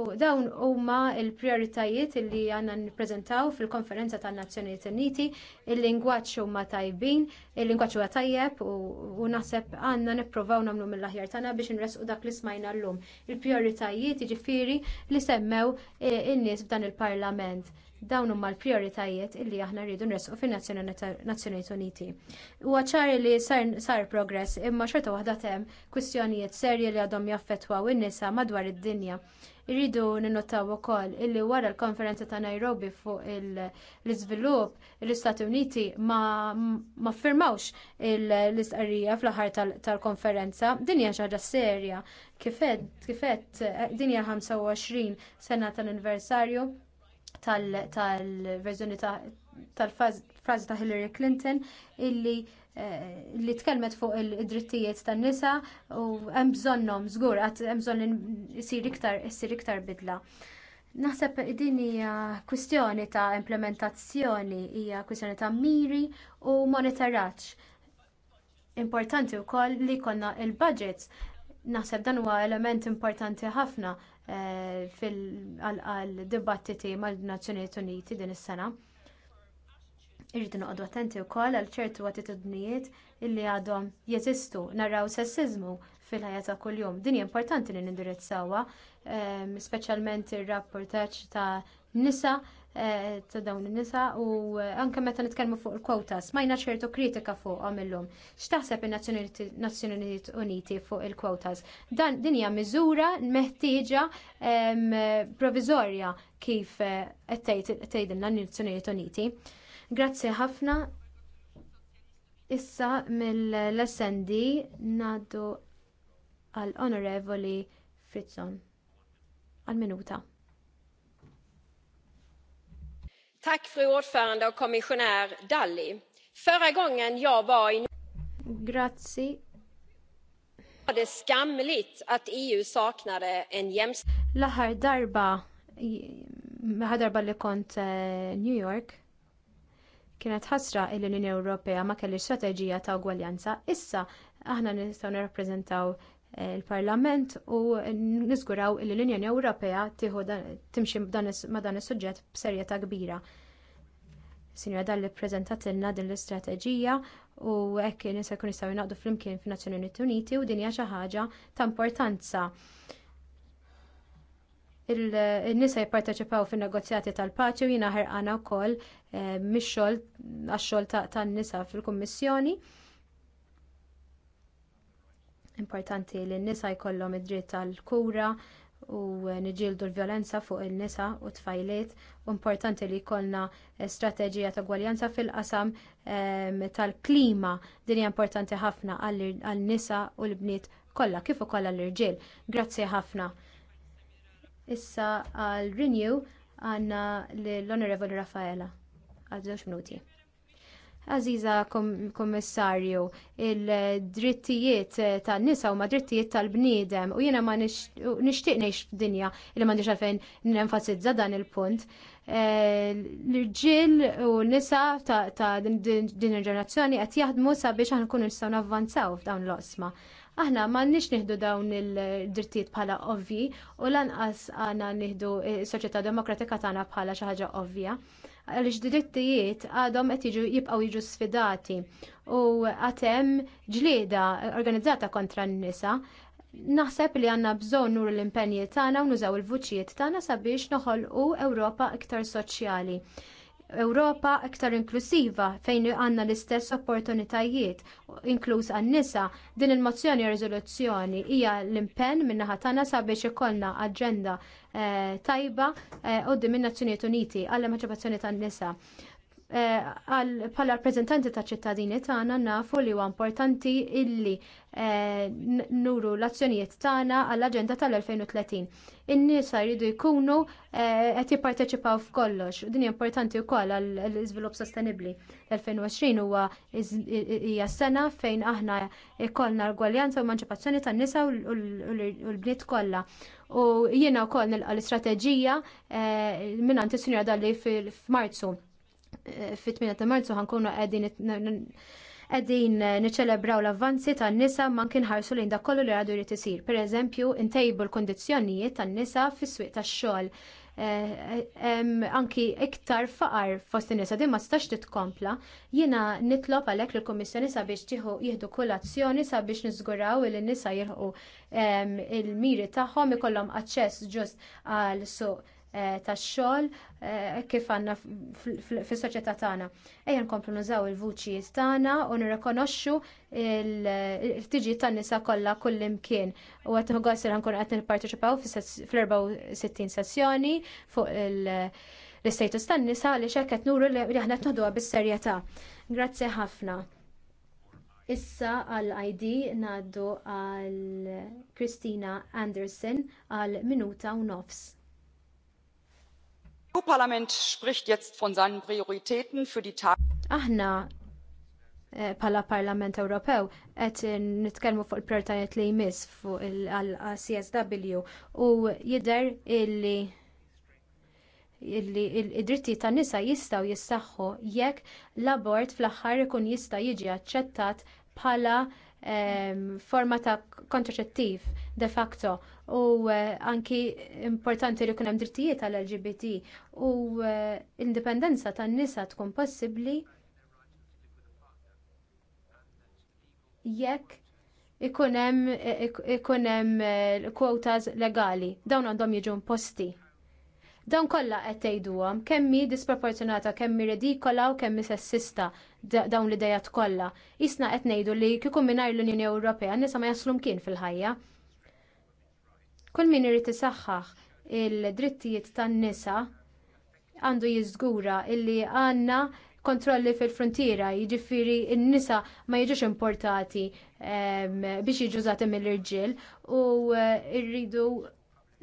U dawn huma l-prioritajiet li għandna nippreżentaw fil-konferenza tan nazzjonijiet Uniti, il-lingwaġġ huma tajbin, il-lingwaġġ huwa tajjeb u naħseb għandna nippruvaw nagħmlu mill-aħjar tagħna biex nresqu dak li smajna llum. Il-prioritajiet jiġifieri li semmew eh, in-nies f'dan il-Parlament. Dawn huma l-prioritajiet illi aħna rridu nresqu fin nazzjonijiet Uniti. Huwa ċar li sar progress imma xorta waħda tem kwistjonijiet serji li għadhom jaffettwaw in-nisa madwar id-dinja. Irridu ninnotaw ukoll illi wara l-konferenza ta' Nairobi fuq l-iżvilupp l-Istati Uniti ma, ma firmawx l-istqarrija fl-aħħar tal-konferenza. Din hija xi ħaġa serja. Kifet, kifet, eh, din hija 25 sena tal-anniversarju tal-verżjoni tal-frażi ta' Hillary Clinton illi eh, li tkellmet fuq id-drittijiet tan-nisa u hemm bżonnhom żgur qatt hemm bżonn isir iktar isir iktar bidla. Naħseb din hija kwistjoni ta' implementazzjoni, hija kwistjoni ta' miri u monitoraġġ. Importanti wkoll li jkollna il budgets Naħseb dan huwa element importanti ħafna Eh, fil dibattiti mal-Nazzjonijiet Uniti din is-sena. Irridu noqogħdu attenti wkoll għal ċertu attitudnijiet illi għadhom jeżistu naraw sessiżmu fil-ħajja ta' kuljum. Din hija importanti li nindirizzawha, eh, speċjalment ir-rapportaġġ ta' nisa Eh, ta' dawn in-nisa u eh, anke meta nitkellmu fuq il-kwotas smajna ċertu kritika fuqhom illum. X'taħseb in-Nazzjonijiet Uniti fuq il-kwotas? Dan din hija miżura meħtieġa proviżorja kif eh, qed tgħidilna nazzjonijiet Uniti. Grazzi ħafna. Issa mill-SND ngħaddu għall onorevoli Fritzon. Għal-minuta. dalli! Grazzi. L-aħħar e darba l darba li kont eh, New York kienet ħasra l-Unjoni Ewropea ma kellix strateġija ta' ugwaljanza. Issa aħna nistgħu nirrappreżentaw il-Parlament u niżguraw li l-Unjoni Ewropea tieħu timxi ma' dan is-suġġett b'serjetà kbira. Sinjora dalli ppreżentatilna din l-istrateġija u hekk nisa jkun jistgħu jnaqdu flimkien fin-Nazzjoni Uniti u din hija xi ħaġa ta' importanza. Il-nisa jipparteċipaw fin negozjati tal-paċi u jina ħerqana wkoll eh, mix-xogħol għax-xogħol tan-nisa fil-Kummissjoni. Importanti li n-nisa jkollhom id-dritt tal-kura u niġildu l-violenza fuq il-nisa u t tfajliet. Importanti li jkollna eh, strateġija ta' gwaljanza fil-qasam ehm, tal-klima. Din hija importanti ħafna għall nisa u l-bniet kollha kif ukoll għall-irġiel. Grazzi ħafna. Issa għal-renew għandna l-Honorable Raffaela. Għal żewġ minuti. Aziza kommissarju, il-drittijiet eh, tan-nisa huma drittijiet tal-bniedem u jiena ma nixtieq ngħix f'dinja li m'għandix għalfejn n-enfasizza dan il-punt. Eh, l-irġiel u nisa ta' din il-ġenerazzjoni qed jaħdmu sabiex għan nkunu nistaw navvanzaw f'dawn l-osma. Aħna ma nix nieħdu dawn il-drittijiet bħala ovvi u lanqas għana nihdu s-soċjetà eh, demokratika tagħna bħala xi ħaġa għaliex drittijiet għadhom qed jiġu jibqgħu jiġu sfidati u għatem ġlieda organizzata kontra n-nisa naħseb li għanna bżon nur l-impenji tagħna u nużaw il-vuċijiet tagħna sabiex noħolqu Ewropa iktar soċjali. Ewropa iktar inklusiva fejn għanna l-istess opportunitajiet, inkluż għan-nisa, din il-mozzjoni u riżoluzzjoni hija l-impenn minnaħa tagħna sabiex ikollna aġenda Eh, tajba eh, qoddim in-Nazzjonijiet Uniti għall-emanċipazzjoni tan-nisa pala eh, rappresentanti ta' ċittadini tagħna nafu li huwa importanti illi nuru l-azzjonijiet tagħna għall-aġenda tal-2030. In-nisa jridu jkunu qed jipparteċipaw f'kollox. Din hija importanti wkoll għall-iżvilupp sostenibbli. L-2020 huwa hija sena fejn aħna jkollna l-gwaljanza u emanċipazzjoni tan-nisa u l-bniet kollha. U jiena wkoll nilqa l-istrateġija eh, minn għand is-sinjora dalli f'Marzu. Eh, Fit-8 ta' Marzu ħankunu qegħdin qegħdin eh, niċċelebraw l-avvanzi tan-nisa man kien ħarsu lejn dak kollu li għadu jrid isir. Pereżempju, intejbu l ta' tan-nisa fis-swieq tax-xogħol Eh, anki iktar faqar fost nisa din ma stax titkompla. Jiena nitlob għalhekk il-Kummissjoni sabiex tieħu jieħdu azzjoni sabiex niżguraw li nisa jirħu il-miri tagħhom ikollhom aċċess ġust għal suq Eh, tax-xogħol eh, kif għandna fis-soċjetà tagħna. Ejja nkomplu nużaw il vuċi tagħna u nirrikonoxxu il tiġi tan-nisa kollha kullimkien. U qed nħoggosir nkun qed nipparteċipaw fl-64 sessjoni fuq l-istatus tan-nisa li xekk nuru li aħna qed noħduha bis-serjetà. Grazzi ħafna. Issa għal ID ngħaddu għal Kristina Anderson għal minuta u nofs parlament spricht Aħna pala eh, Parlament Ewropew qed nitkellmu fuq il-prioritajiet li jmiss fuq il-CSW u jidher illi id-dritti tan nisa jistgħu jissaħħu jekk l-abort fl-aħħar ikun jista' jiġi aċċettat bħala ehm, forma ta' kontraċettiv de facto u eh, anki importanti li kunem drittijiet għal LGBT u eh, indipendenza tan nisa tkun possibbli jekk ikunem eh, ikunem kwotas legali dawn għandhom jiġu imposti. Dawn kollha qed tgħiduhom kemmi disproporzjonata, kemmi redikola u kemmi sessista dawn l-idejat kollha. Isna qed ngħidu li kieku mingħajr l-Unjoni Ewropea nisa ma jaslu kien fil-ħajja. Kull min irid isaħħaħ il-drittijiet tan-nisa għandu jiżgura illi għandna kontrolli fil-frontiera, jiġifieri n-nisa ma jiġux importati biex jiġu żati mill-irġiel u eh, rridu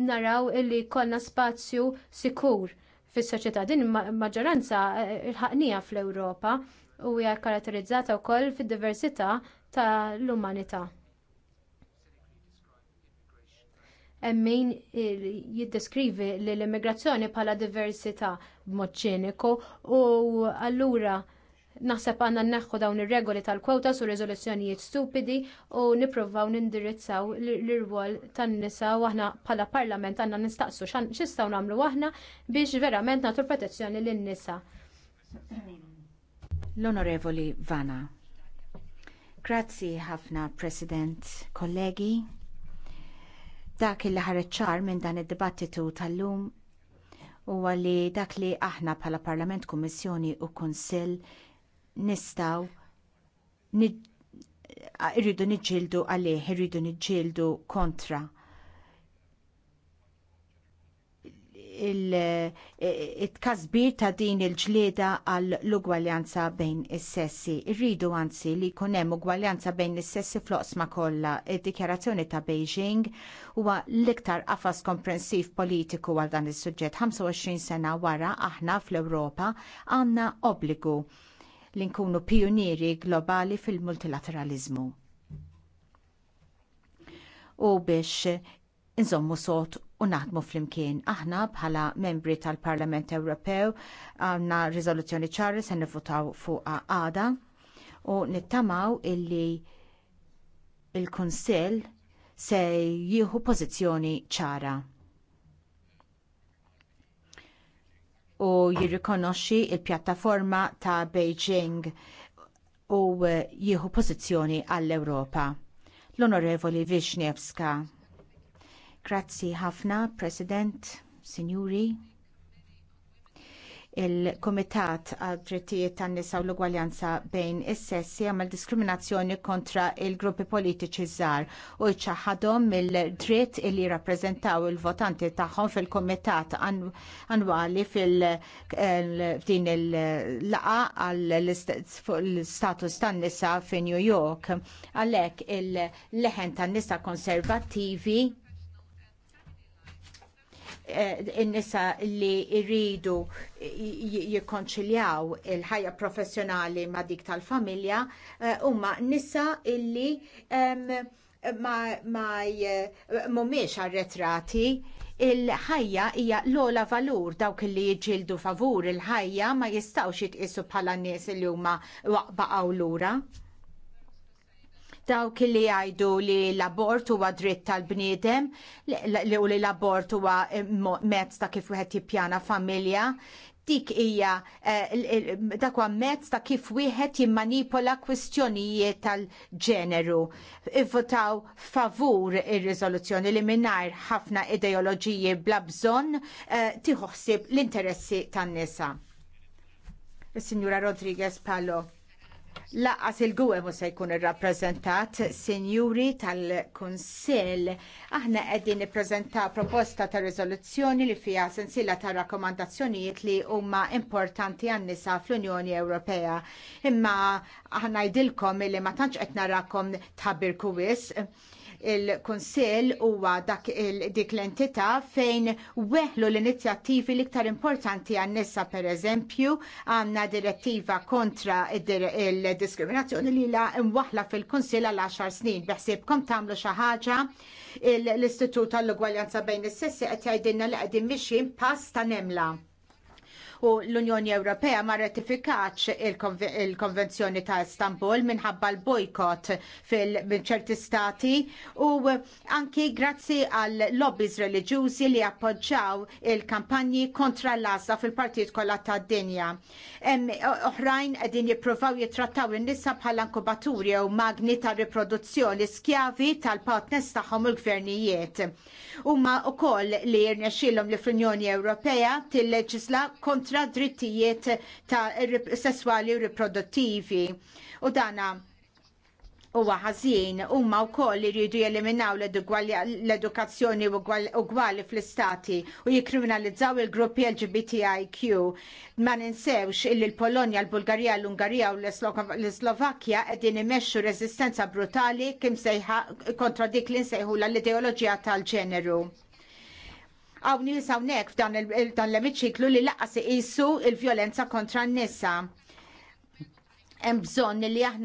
naraw illi kollna spazju sikur fis-soċjetà. Din maġġoranza eh, ħaqnija fl-Ewropa u hija karatterizzata wkoll fid-diversità tal-umanità. emmin eh, jiddeskrivi l-immigrazzjoni bħala diversità b'mod ċiniku u allura naħseb għandna nneħħu dawn ir-regoli tal-kwota su riżoluzzjonijiet stupidi u nippruvaw nindirizzaw l-irwol tan-nisa u aħna bħala parlament għandna nistaqsu x'istgħu nagħmlu aħna biex verament nagħtu protezzjoni lin-nisa. L-Onorevoli Vana. Grazzi ħafna, President, kollegi. Dak il ċar minn dan id-dibattitu tal-lum huwa li dak li aħna bħala Parlament, Kummissjoni u Kunsill nistaw irridu niġġieldu għalih, irridu niġġieldu kontra il-kazbir eh, ta' din il-ġlieda għal l-ugwaljanza bejn is-sessi. Irridu anzi li jkun hemm ugwaljanza bejn is-sessi floqsma kollha. Id-dikjarazzjoni ta' Beijing huwa l-iktar qafas komprensiv politiku għal dan is-suġġett 25 sena wara aħna fl-Ewropa għandna obbligu li nkunu pionieri globali fil-multilateralizmu. U biex inżommu sot u naħdmu flimkien. Aħna bħala membri tal-Parlament Ewropew għandna riżoluzzjoni ċarri se nifutaw fuq għada u nittamaw illi il-Kunsill se jieħu pożizzjoni ċara. U jirrikonoxxi l pjattaforma ta' Beijing u jieħu pożizzjoni għall-Ewropa. L-Onorevoli Vishnevska. Grazzi ħafna, President, Signuri il-Komitat għal drittijiet tan nisa u l-ugwaljanza bejn is-sessi għamel diskriminazzjoni kontra il-gruppi politiċi żgħar u jċaħadhom mill-dritt li jirrappreżentaw il-votanti tagħhom fil-Komitat annwali fil-din eh, il-laqa għal status tan nisa fi New York. Għalhekk il-leħen tan nisa konservattivi Eh, in-nisa li jridu jikkonċiljaw il-ħajja professjonali ma' dik tal-familja eh, huma nisa illi ma eh, mhumiex arretrati il-ħajja hija l-ola valur dawk li jiġġieldu favur il-ħajja ma jistgħux jitqisu bħala nies li huma waqbaqgħu lura dawk li jgħidu li l-abort huwa dritt tal-bniedem li u li l-abort huwa eh, mezz ta' kif wieħed jippjana familja. Dik hija eh, dak huwa mezz ta' kif wieħed jimmanipola kwistjonijiet tal-ġeneru. Ivvotaw favur ir-riżoluzzjoni li mingħajr ħafna ideoloġiji bla bżonn eh, tieħu ħsieb l-interessi tan-nisa. Signora Rodriguez Palo. Laqqas il-gwe mu se jkun irrappreżentat sinjuri tal-Kunsill. Aħna qegħdin prezenta proposta ta' riżoluzzjoni li fiha sensilla ta' rakkomandazzjonijiet li huma importanti għannisa fl-Unjoni Ewropea. Imma aħna jdilkom li ma tantx qed narakom tħabbirku il-Kunsill huwa dak dik l-entità fejn weħlu l-inizjattivi l-iktar importanti għan-nisa pereżempju għandna direttiva kontra il-diskriminazzjoni li la imwaħla fil-Kunsill għal 10 snin. Beħsiebkom tagħmlu xi ħaġa l-Istitut tal-Ugwaljanza bejn is-sessi qed jgħidilna li qegħdin mixjin pass ta' nemla u l-Unjoni Ewropea ma ratifikax il-Konvenzjoni ta' Istanbul minħabba l-bojkot fil-ċerti stati u anki grazzi għal lobbies reliġjużi li appoġġaw il-kampanji kontra l-asa fil-partijiet kollha tad-dinja. Oħrajn qegħdin jippruvaw jittrattaw in-nisa bħala inkubaturi u magni ta' riproduzzjoni skjavi tal-partners tagħhom il-gvernijiet. Huma wkoll li jirnexxilhom li fl-Unjoni Ewropea tilleġisla kontra kontra drittijiet ta' sessuali u riproduttivi. U dana huwa ħażin huma wkoll jridu jeliminaw l-edukazzjoni ugwali fl-istati u jikkriminalizzaw il-gruppi LGBTIQ. Ma ninsewx illi l-Polonja, l-Bulgarija, l-Ungarija u l-Slovakkja qegħdin imexxu rezistenza brutali kim sejħa kontra dik li nsejħu l-ideoloġija tal-ġeneru. Għaw nisaw hawnhekk f'dan l-emiċiklu li se iqisu il-vjolenza kontra n-nisa hemm bżonn li aħna